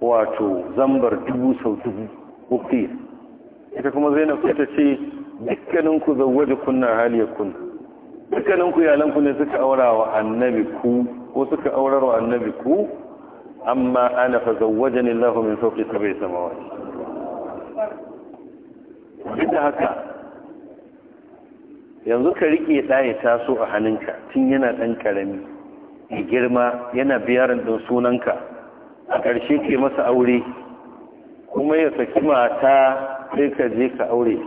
wato zambar dubu sau dubu uqiya ita kuma zainab ta ce dukkanin ku zawwaje kunna ya kunna dukkanin ku yalan ku ne suka aura wa annabi ku ko suka aurar wa annabi ku amma ana fa ne Allahu min sauƙi bai sama wani duk haka yanzu ka rike ɗaya ya taso a hannunka tun yana ɗan ƙarami ya girma yana biyarin ɗin sunanka a ƙarshe ke masa aure kuma ya saki mata sai ka je ka aure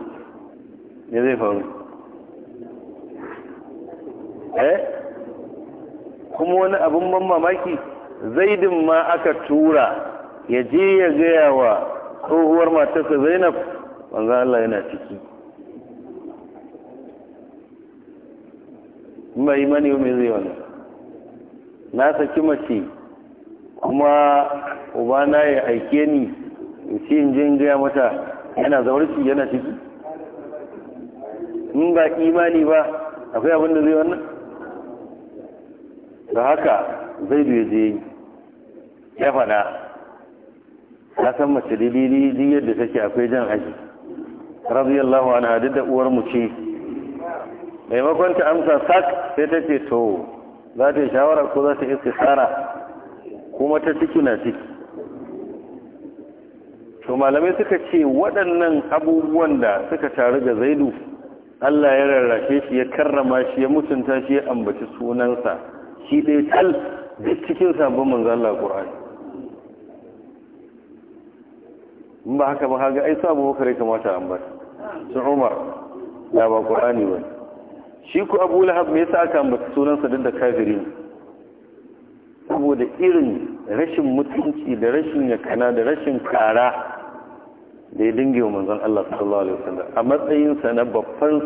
ne zai faru eh kuma wani abin ban mamaki zaidin ma aka tura ya je ya gaya wa tsohuwar matarsa zainab wanzu Allah yana ciki mai imani mai zai wani na saki mace kuma ubana ya aike ni ce in je in gaya mata yana zaurci yana ciki in ba imani ba akwai abin da zai wannan da haka zai ya je ya faɗa ya san mace dalili yadda take akwai jan aji radiyallahu anha duk da uwar mu ce maimakon ta amsa sak sai ta ce to za ta yi shawara ko za ta yi tsara kuma ta ciki na ciki to malamai suka ce waɗannan abubuwan da suka taru ga zaidu Allah ya rarrafe shi ya karrama shi ya mutunta shi ya ambaci sunansa shi ɗaya tal duk cikin sabon manzo Allah Qur'ani in ba haka ba haga ai sabu bakar ya kamata an bar su umar da ba qur'ani ba shi ku abu lahab me yasa aka ambata sunansa duk da kafiri ne saboda irin rashin mutunci da rashin yakana da rashin kara da ya dinge wa manzon Allah sallallahu alaihi wasallam a matsayinsa na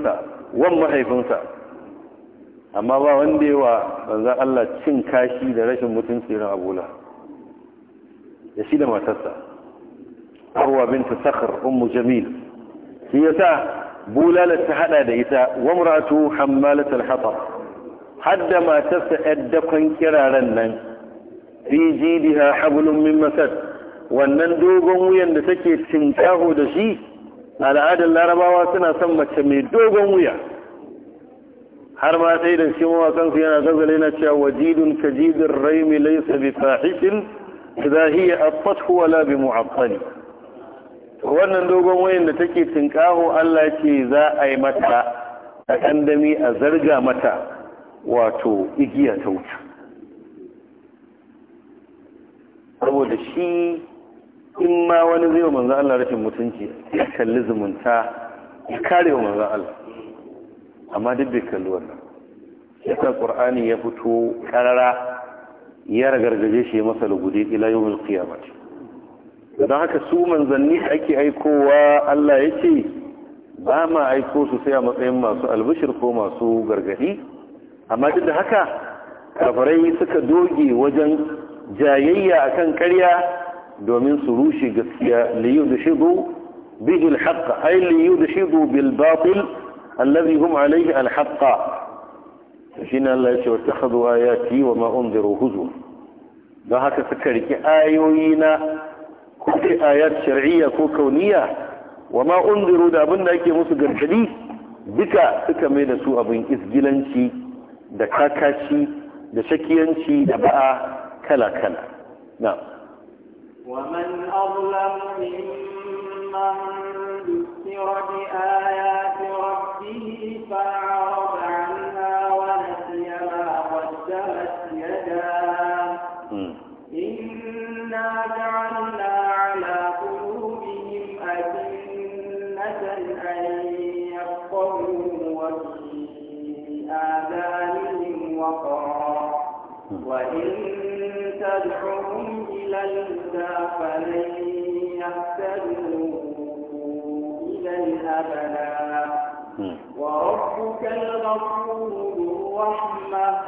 sa wan mahaifinsa amma ba wanda yawa manzon Allah cin kashi da rashin mutunci ran abula da shi da matarsa هو بنت صخر أم جميل هي سيتا بولالة حدا ديتا ومرأته حمالة الحطب حد ما تسأل دقا كرا لنن في جيدها حبل من مسد وأنن دوغم ويان لتكي تنكاه دشي على عاد الله ربا واسنا سمى تسمي دوغم ويان حرما سيدا شموا كان فينا تغلينا وجيد كجيد الريم ليس بفاحش إذا هي أطفته ولا بمعطل wannan dogon wayan da take tinkaho Allah ce za a yi mata a ƙandami a zarga mata wato igiya ta wuta saboda shi in ma wani zai wa manzan Allah rashin mutunci ya kalli zumunta ya kare wa manzan Allah amma duk bai kalli wannan yasa ƙur'ani ya fito karara ya ragargaje shi masa lugude ila yawon kiyamati don haka su manzanni ake aikowa Allah ya ce ba ma aiko su sai a matsayin masu albishir ko masu gargadi amma duk da haka kafarai suka doge wajen jayayya akan karya domin su rushe gaskiya liyu da shigo bihil haqqa ay liyu da shigo bil batil allazi hum alayhi al haqqa Allah ya ce wattakhadhu ayati wa ma unziru huzur don haka suka riki ayoyi na كل آيات شرعية كونية وما أنظروا دا أبن أكي مسو قرحدي بكا سكا ميدا سوء أبوين إسجلنشي دا كاكاشي دا دا كلا كلا نعم ومن أظلم ممن ذكر بآيات ربه فعلا تدعوهم إلى الهدى فلن يهتدوا إلى وربك الغفور الرحمة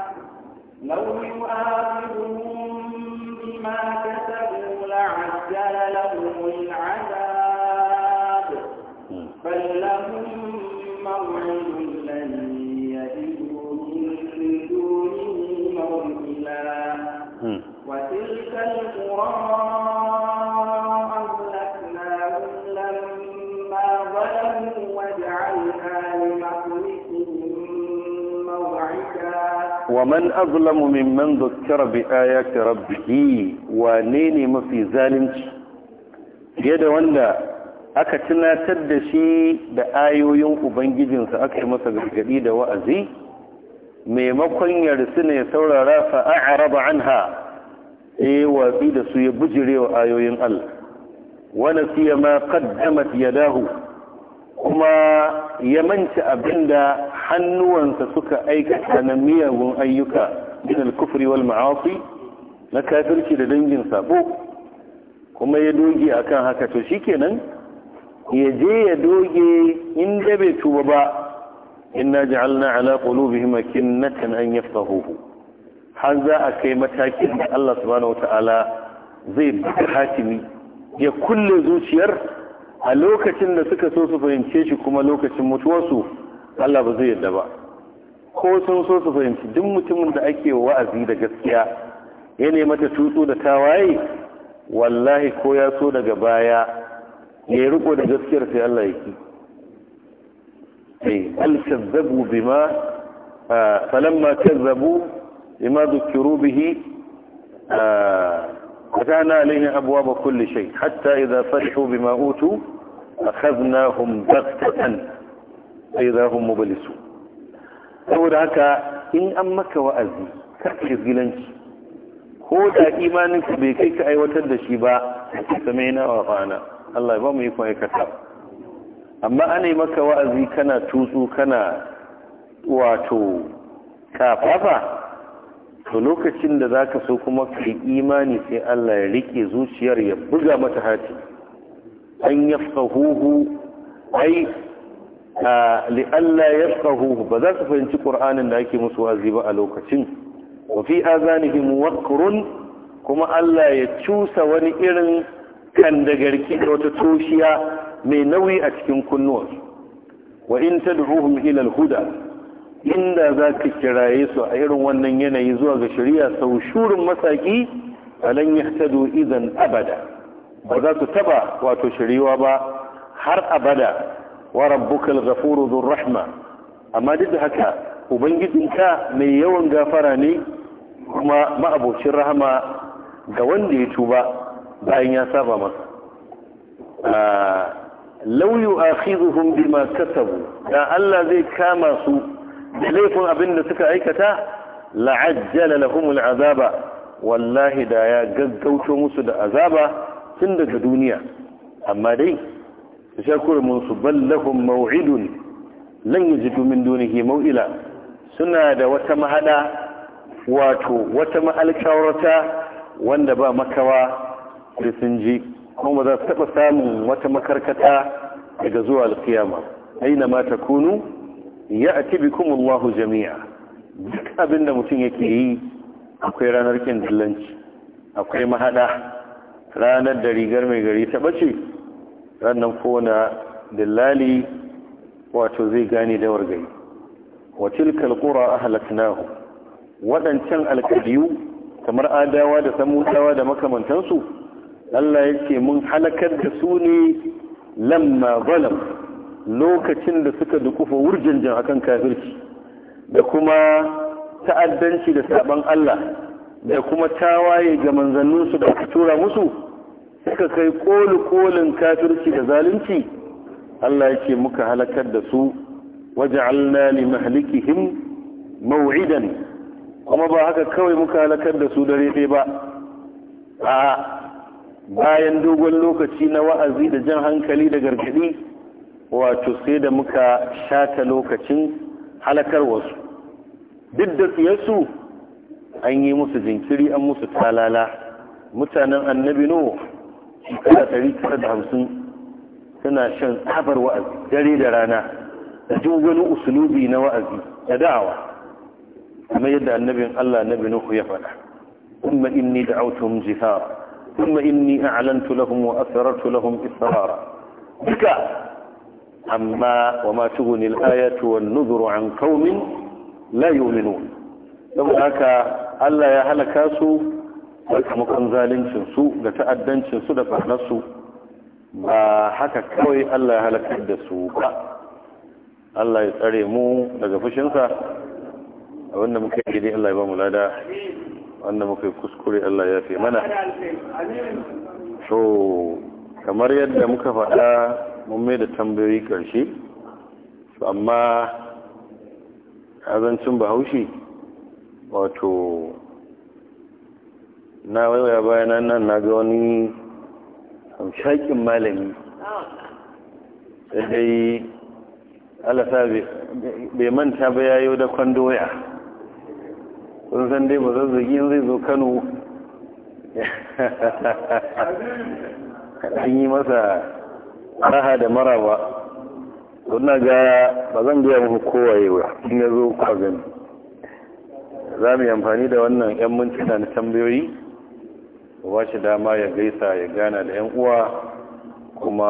لو يؤاخذهم بما كسبوا man azlamu mimman dhukkira bi ayati rabbih wane ne mafi zalunci fiye da wanda aka tunatar da shi da ayoyin ubangijinsa aka yi masa gargadi da wa'azi maimakon ya risu ne saurara fa'a'araba anha E, watsi da su ya bujirewa ayoyin Allah wa siya ma ya dahu. kuma ya manta abinda hannuwansa suka aikata na miyagun ayyuka min al-kufri wal ma'asi na kafirci da dangin sabo kuma ya doge akan haka to shikenan ya je ya doge inda bai tuba ba inna ja'alna ala qulubihim akinnatan an yafqahuhu har za a kai matakin da Allah subhanahu wata'ala zai buga hatimi ya kulle zuciyar a lokacin da suka so su fahimce shi kuma lokacin mutuwarsu Allah ba zai yarda ba ko sun so su fahimci duk mutumin da ake wa'azi da gaskiya ya nema ta tutsu da tawaye wallahi ko ya so daga baya ya riko da gaskiyar sai Allah ya ki ai eh, al kazzabu bima ah, falamma kazzabu bima dhukiru ah, فتحنا عليهم أبواب كل شيء حتى إذا فرحوا بما أوتوا أخذناهم بغتة فإذا هم مبلسون saboda haka in an maka wa'azi karka gilanci ko da imanin bai kai ka aiwatar da shi ba same na wa fa'ana Allah ba mu yi kuma aikata amma ana yi maka wa'azi kana tutsu kana wato kafafa to lokacin da za ka so kuma ka yi imani sai Allah ya rike zuciyar ya buga mata hati an ya fahuhu ai Allah ya fahuhu ba za su fahimci ƙur'anin da ake musu wazi ba a lokacin wa fi azanihim waqrun kuma Allah ya cusa wani irin kandagarki da wata toshiya mai nauyi a cikin kunnuwa. wa in tad'uhum ila al-huda inda za ka kiraye su a irin wannan yanayi zuwa ga shari'a sau shurin masaki alan yahtadu izan abada ba za su taba wato shiriwa ba har abada wa rabbukal don ghafuru rahma amma duk da haka ubangijinka mai yawan gafara ne kuma ma'abocin rahama ga wanda ya tuba bayan ya saba masa law yu'akhidhuhum bima kasabu da Allah zai kama su laifin abin da suka aikata la'ajjala lahumul azaba wallahi da ya gaggauto musu da azaba tun daga duniya amma dai shakur mun su ballahum maw'idun lan yajidu min dunihi maw'ila suna da wata mahada wato wata ma'alkawarta wanda ba makawa da sun ji kuma za su taɓa samun wata makarkata daga zuwa alkiyama aina ma kunu. ya ati bikum Allahu jami'a duk abin da mutum yake yi akwai ranar kin dillanci akwai mahada ranar da rigar mai gari ta bace ranar kona dillali wato zai gane dawar gari wa tilkal qura ahlaknahu Waɗancan alkadiyu kamar adawa da samudawa da makamantansu Allah yake mun halakar da su ne lamma zalam lokacin da suka dukufa wurjanjan akan kafirci da kuma ta'addanci da saban Allah da kuma tawaye ga manzanninsu da tura musu suka kai koli kolin kafirci da zalunci Allah yake muka halakar da su waj'alna li mahlikihim maw'idan kuma ba haka kawai muka halakar da su dare ɗaya ba a bayan dogon lokaci na wa'azi da jan hankali da gargadi wato sai da muka shata lokacin halakarwarsu duk da tsiyarsu an yi musu jinkiri an musu talala mutanen annabi no shekara ɗari tara da hamsin suna shan tsabar wa'azi dare da rana da duk wani usulubi na wa'azi da da'awa kamar yadda annabin Allah annabi Nuhu ya faɗa kuma inni da'awtuhum jihar. kuma inni a'lantu lahum wa asrartu lahum israra duka amma wa ma tugunil ayatu wan nuzuru an qaumin la yu'minun saboda haka Allah ya halaka su sakamakon zalincin su da ta'addancin su da barnar su ba haka kawai Allah ya halakar da su ba Allah ya tsare mu daga fushinsa wanda muka yi dai Allah ya ba mu lada wanda muka yi kuskure Allah ya fi mana so kamar yadda muka faɗa mun mai da tambayoyi ƙarshe amma azancin bahaushe wato na waiwaya bayan nan na ga wani shaƙin malami dai alasa bai manta ba yayo da kwandoya sun san dai ba zazzagi zai zo kano *laughs* an yi masa raha da maraba na ga ba zan gaya muku kowaye ba in ya zo kwa gani za mu yi amfani da wannan 'yan mintuna na tambayoyi ba shi dama ya gaisa ya gana da 'yan uwa kuma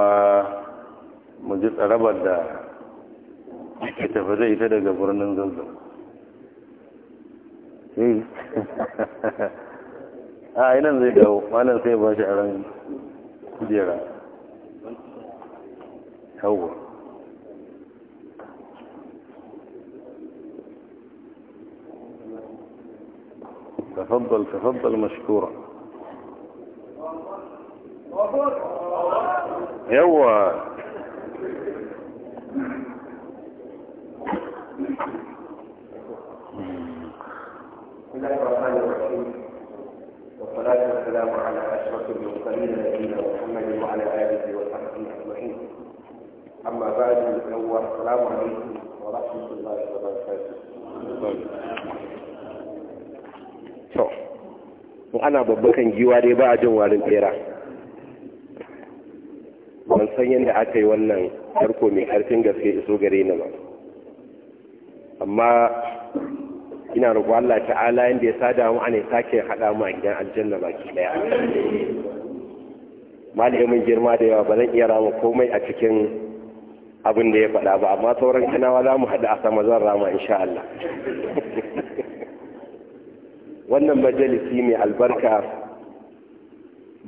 mu ji tsarabar da ke tafi zai ita daga birnin zazzau eh. *laughs* a inan zai dawo malam sai ba shi a ran kujera هو تفضل تفضل مشكورا يوا بسم الله الرحمن الرحيم والصلاة والسلام على أشرف المرسلين amma ba ni da عليكم ورحمة الله wa rahmatullahi wa barakatuh to in ana kan giwa dai ba a jin warin tsera ban san yadda aka yi wannan harko mai ƙarfin gaske iso gare ni ba amma ina roƙo Allah ta'ala yadda ya sada mu ana sake haɗa mu a gidan aljanna baki ɗaya malamin girma da yawa ba zan iya rama komai a cikin abin da ya faɗa ba amma sauran kanawa za mu haɗu a sama zan rama insha Allah wannan majalisi mai albarka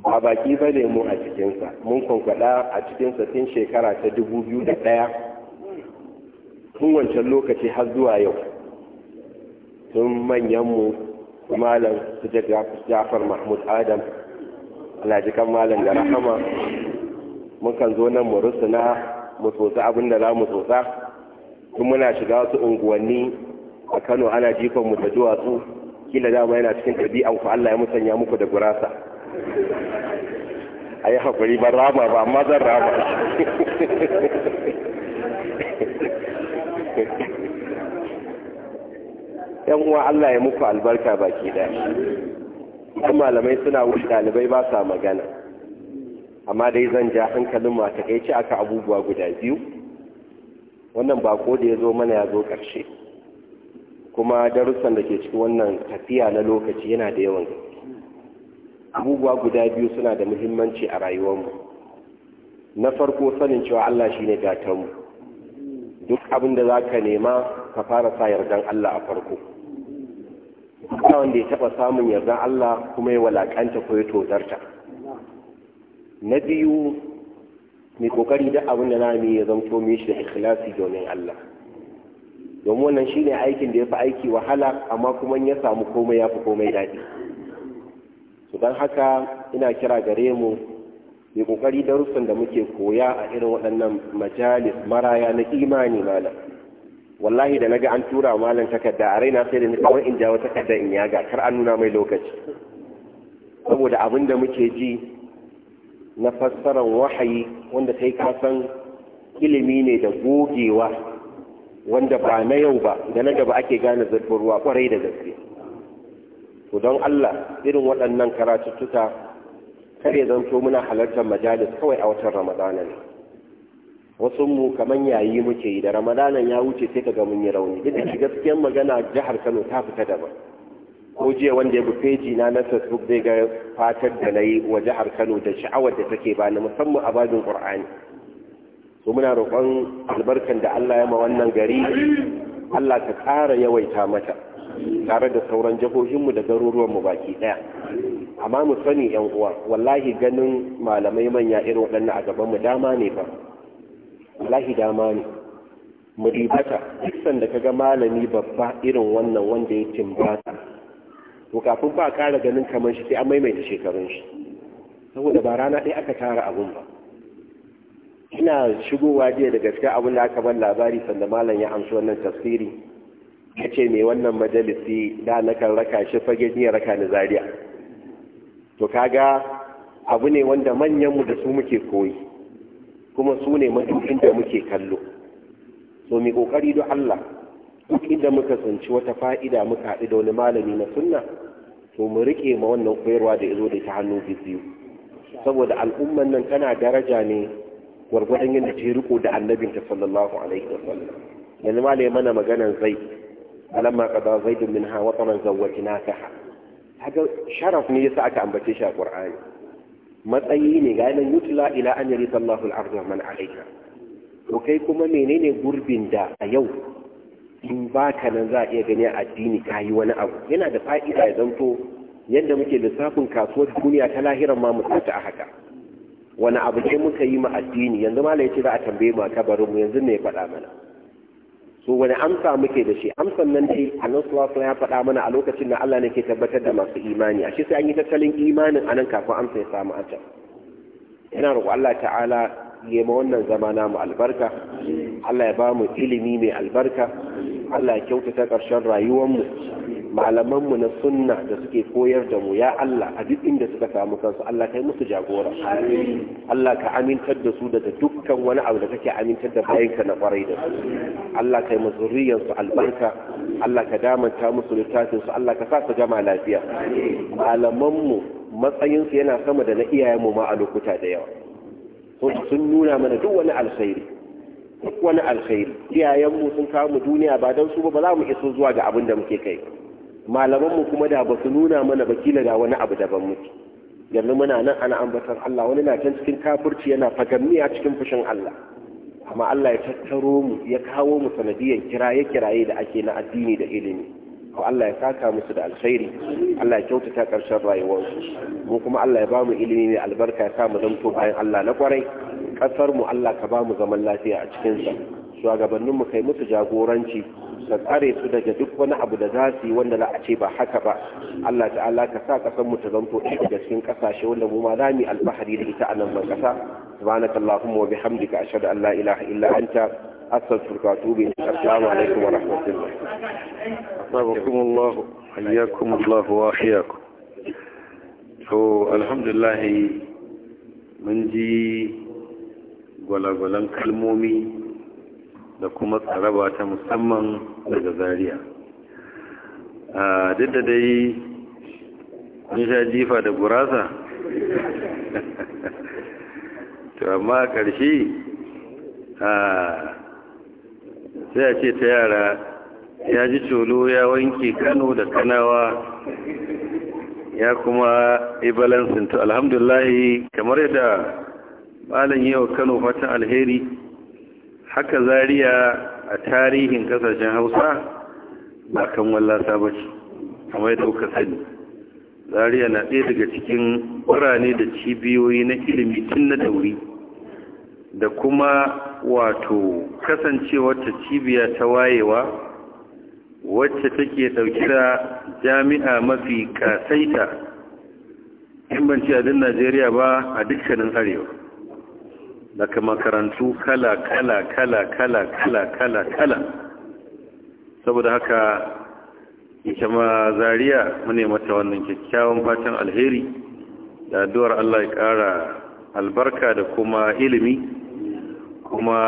ba baki ba ne mu a cikinsa mun kwankwaɗa a cikinsa tun shekara ta dubu biyu da ɗaya tun wancan lokaci har zuwa yau tun manyanmu malam su jafar mahmud adam alhajikan malam da rahama mukan zo nan mu rusuna mu tsotsa abin da za mu tsotsa tun muna shiga wasu unguwanni a kano ana jifan mu da duwatsu kila dama yana cikin ɗabi'an ku allah ya musanya muku da gurasa a yi haƙuri ban rama ba amma zan rama yan uwa allah ya muku albarka baki ɗaya malamai suna wuce ɗalibai ba sa magana amma dai zan ja hankalin ma ta kai aka abubuwa guda biyu wannan ba ko da ya zo mana ya zo ƙarshe kuma darussan da ke cikin wannan tafiya na lokaci yana da yawan gaske abubuwa guda biyu suna da muhimmanci a rayuwarmu na farko sanin cewa Allah shi ne mu. duk abin da za ka nema ka fara sa yardan Allah a farko wanda ya taɓa samun yardan Allah kuma ya walakanta ko ya tozarta na biyu mai kokari da abin da nami ya zamto mai shi da ikhlasi domin Allah domin wannan shine aikin da ya fi aiki wahala amma kuma ya samu komai ya fi komai daɗi su don haka ina kira gare mu mai kokari darussan da muke koya a irin waɗannan majalis maraya na imani malam wallahi da naga an tura malam takarda a raina sai da ni kawai in jawo takarda in yaga kar an nuna mai lokaci saboda abin da muke ji na fassarar wahayi wanda ta ka san ilimi ne da gogewa wanda ba na yau ba da na gaba ake gane zurfin ruwa kwarai da gaske to don Allah irin waɗannan karatuttuka kar ya zanto muna halartar majalis kawai a watan ramadana ne wasu mu kaman yayi muke yi da ramadana ya wuce sai kaga mun yi rauni duk gaskiyar magana jihar Kano ta fita daban ko jiya wanda ya bi feji na na facebook zai ga fatar da na yi wa jihar kano da sha'awar da take ba na musamman a babin qur'ani so muna roƙon albarkan da allah ya ma wannan gari allah ka ƙara yawaita mata tare da sauran jihohinmu da garuruwanmu baki ɗaya amma mu sani yan uwa wallahi ganin malamai manya irin waɗannan a gabanmu dama ne fa wallahi dama ne mu ribata duk sanda kaga malami babba irin wannan wanda ya timbata to kafin ba ƙara ganin kamar shi sai an maimaita shekarun shi saboda ba rana ɗaya aka tara abun ba ina shigowa jiya da gaske abin da aka ban labari sanda malam ya amshi wannan tasiri ya ce mai wannan majalisi da na kan raka shi fage jiya raka na zaria to kaga abu ne wanda manyanmu da su muke koyi kuma su ne matukin da muke kallo so mai kokari don allah duk inda muka tsinci wata fa'ida muka haɗu da wani malami na sunna to mu riƙe ma wannan koyarwa da ya zo da ta hannu biyu saboda al'umman nan tana daraja ne gwargwadon yadda ta riko da annabinta sallallahu alaihi wa sallam. yanzu malai mana maganan zai alamma qada zaidun minha wa taman zawwajnaka haka sharaf ne yasa aka ambace shi a ƙur'ani. matsayi ne ga nan yutla ila an yari sallahu al-ardu man alayka to kai kuma menene gurbin da a yau in ba ka nan za a iya gani a addini ka yi wani abu yana da fa'ida ya zanto yadda muke lissafin kasuwar duniya ta lahiran ma mu tsata a haka wani abu ne muka yi ma addini yanzu ma ce za a tambaye mu kabarin mu yanzu ne ya faɗa mana so wani amsa muke da shi amsan nan dai annabi sallallahu ya faɗa mana a lokacin da Allah ne ke tabbatar da masu imani A ashe sai an yi tattalin imanin anan kafin amsa ya samu a can roƙo Allah ta'ala nema wannan zama namu albarka Allah ya bamu ilimi mai albarka Allah ya kyautata ƙarshen rayuwanmu malamanmu na sunna da suke koyar da mu ya Allah a duk inda suka samu kansu Allah kai musu jagora Allah ka amintar da su daga dukkan wani abu da kake amintar da bayanka na kwarai da su Allah kai musu su albarka Allah ka damanta musu littafinsu. su Allah ka sa su gama lafiya malamanmu matsayinsu yana sama da na iyayenmu ma a lokuta da yawa sun nuna mana duk wani alkhairi duk wani alkhairi iyayenmu sun kawo mu duniya ba dan su ba za mu iso zuwa ga abin da muke kai malamanmu kuma da ba su nuna mana ba kila ga wani abu daban muke yanzu muna nan ana ambatar Allah wani na can cikin kafirci yana fagammiya cikin fushin Allah amma Allah ya tattaro mu ya kawo mu sanadiyar kiraye-kiraye da ake na addini da ilimi ko Allah ya saka musu da alkhairi Allah ya kyautata ƙarshen rayuwarsu mu kuma Allah ya ba mu ilimi mai albarka ya sa mu zanto bayan Allah na kwarai ƙasar mu Allah ka ba mu zaman lafiya a cikin sa shugabannin mu kai musu jagoranci ka tsare su daga duk wani abu da za su yi wanda za a ce ba haka ba Allah ta'ala ka sa ƙasar mu ta zanto ɗaya daga cikin kasashe wanda mu ma za mu alfahari da ita a nan ban ƙasa subhanakallahumma wa bihamdika ashhadu an la ilaha illa anta أستغفرك وأتوب إليك السلام عليكم ورحمة الله أصابكم الله حياكم الله وأحياكم to alhamdulillah mun ji gwalagwalan kalmomi da kuma tsaraba ta musamman daga zaria a duk da dai kun sha jifa da gurasa *laughs* to amma ƙarshe a sai a ce ta yara ya ji colo ya wanke kano da kanawa ya kuma balansin to alhamdulahi kamar yadda malam yau kano fatan alheri haka zariya a tarihin kasashen hausa ba kan wallasa ba ce kamar yadda kuka sani zariya na ɗaya daga cikin birane da cibiyoyi na ilimi tun na dauri da kuma wato kasancewar ta cibiya ta wayewa wacce take ɗauki da jami'a mafi kasaita in ban ci a duk najeriya ba a dukkanin arewa daga makarantu kala kala kala kala kala kala kala saboda haka ita ma zariya mune mata wannan kyakkyawan fatan alheri da addu'ar Allah ya kara albarka da kuma ilimi kuma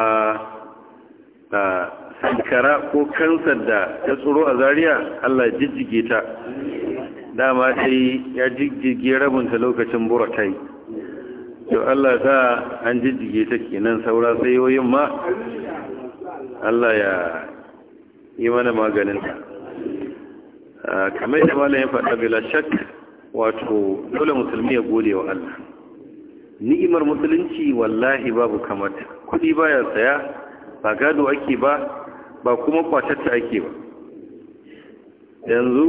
sankara ko kansar da ta tsoro a zariya Allah jijjige ta dama sai ya jijjige rabinta lokacin buratai to Allah za an jijjige ta kenan saura sai yoyin ma Allah ya yi mana maganin ta kamar da malam ya faɗa bila shak wato dole musulmi ya gode wa Allah ni'imar musulunci wallahi babu kamata kuɗi baya saya ba gado ake ba ba kuma kwatatta ake ba yanzu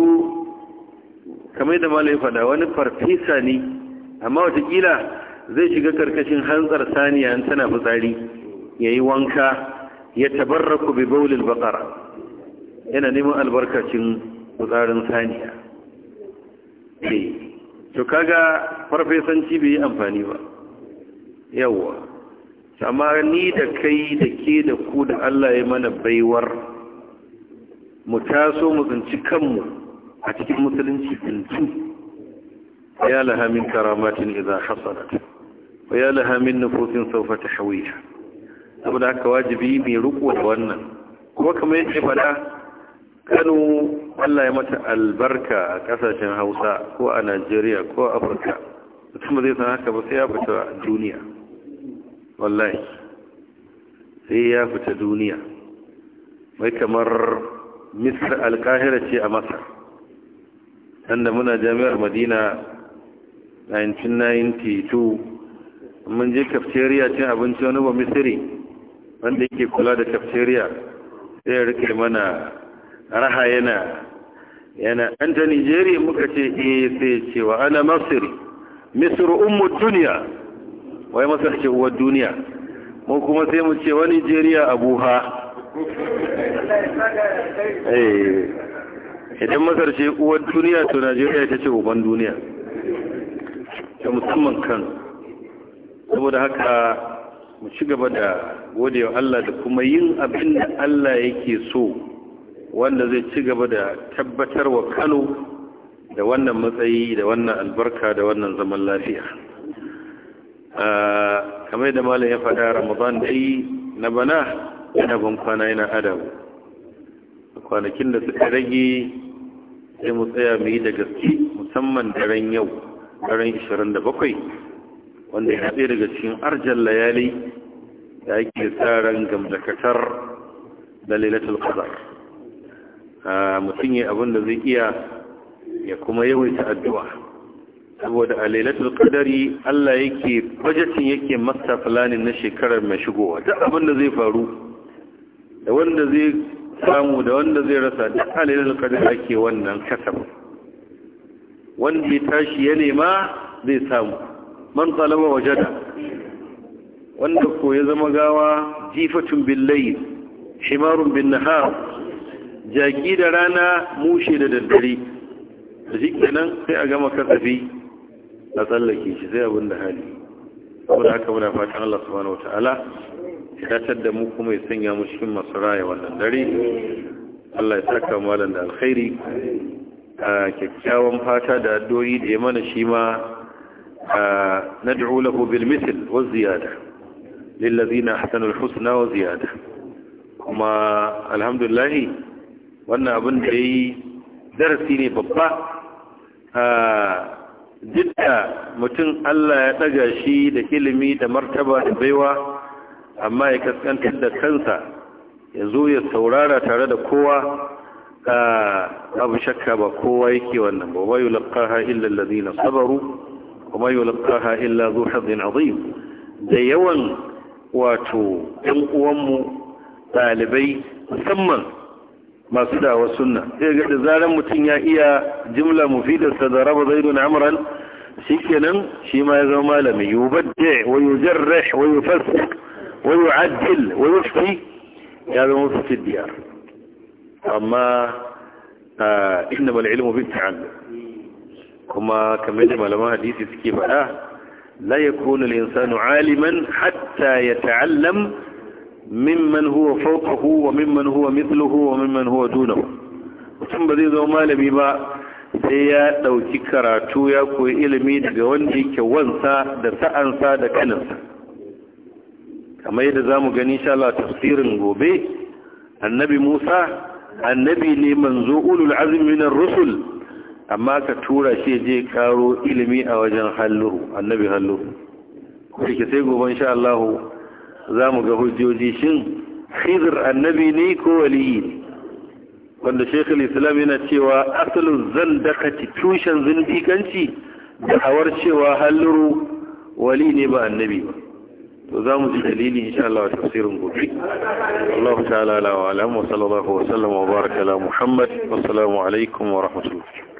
kamar da malai fada wani farfesa ne amma watakila zai shiga karkashin hantsar saniya in tana fitsari ya yi wanka ya tabarraku bi baulil bakara yana neman albarkacin fitsarin saniya eh, to kaga farfesanci bai yi amfani ba yawwa amma ni da kai da ke da ku da Allah ya mana baiwar mu taso mu tsinci kanmu a cikin musulunci tuntun ya laha min karamatin idan hasanat wa ya laha min nufusin saufa ta saboda haka wajibi mai riko da wannan kuma kamar yadda faɗa Kano Allah ya mata albarka a kasashen Hausa ko a Najeriya ko a Afirka mutum zai san haka ba sai ya fita duniya wallahi sai ya fita duniya mai kamar Mr. alkahira ce a masar da muna jami'ar madina 1992 mun je cafeteria cin abinci wani ba misiri wanda yake kula da cafeteria sai ya rike mana raha yana yana an ta nigeria muka ce eh sai cewa ana masiri misir ummu duniya wai masar uwar duniya mun kuma sai mu ce wani jeriya abuha eh, idan masar ce uwar duniya to nigeria ta ce uban duniya ta musamman kan saboda haka mu ci gaba da godewa Allah da kuma yin abin da Allah yake so wanda zai ci gaba da tabbatarwa kano da wannan matsayi da wannan albarka da wannan zaman lafiya kamar da malam ya faɗa ramadan dai na bana yana ban kwana yana adabu kwanakin da suka rage sai mu tsaya mu yi da gaske musamman daren yau daren 27 wanda ya tsaye daga cikin arjan layali da ake tsaron gamdakatar da lailatul qadar mutum yi abin da zai iya ya kuma yawaita addu'a saboda a lailatul qadari Allah yake budgeting yake master planning na shekarar mai shigowa duk abin da zai faru da wanda zai samu da wanda zai rasa duk a lailatul qadari yake wannan kasaf. wanda ya tashi ya nema zai samu man talaba wajada wanda ko ya zama gawa jifatun bil layl shimarun bin nahar jaki da rana mushe da daddare da shi kenan sai a gama kasafi na tsallake shi zai abin da hali saboda haka muna fatan Allah subhanahu wataala ya dacar da mu kuma ya sanya mu cikin masu raya wannan dare Allah ya saka malam da alkhairi a kyakkyawan fata da addu'o'i da ya mana shi ma nad'u lahu bil mithl wa ziyada lil ladina ahsanu al husna wa ziyada kuma alhamdulillah wannan abin da yayi darasi ne babba duk mutum Allah ya ɗaga shi da ilimi da martaba da baiwa amma ya kaskantar da kansa ya zo ya saurara tare da kowa abu shakka ba kowa yake wannan ba wa yulqaha illa alladhina sabaru wa ma yulqaha illa dhu hadin azim da yawan wato 'yan uwanmu ɗalibai musamman masu dawar sunna sai ga da zaran mutum ya iya jimla mufidarsa da raba zaidun amran shi kenan shi ma ya zama malami yubadde wa yujarrih wa yufassik wa yu'addil wa yufti ya zama mufti diyar amma innama al-ilmu bi ta'allum kuma kamar da malaman hadisi suke faɗa la yakunu al-insanu aliman hatta yata'allam mimman huwa fawqahu wa mimman huwa mithluhu wa mimman huwa dunahu mutum ba zai zama malami ba sai ya dauki karatu ya koyi ilimi daga wanda yake wansa da sa'ansa da kaninsa kamar yadda zamu gani insha Allah tafsirin gobe annabi Musa annabi ne manzo ulul azmi minar rusul amma ka tura shi je karo ilimi a wajen halluru annabi halluru kuke sai gobe insha Allah za mu ga hujjoji shin khidr annabi ne ko waliyi ne wanda shekul islam yana cewa asalin zandakaci tushen zindikanci da hawar cewa halluru wali ne ba annabi ba to za mu ji dalili insha Allah tafsirin gobe Allah ta'ala ala wa alamu sallallahu wa sallam wa baraka ala Muhammad assalamu alaikum wa rahmatullahi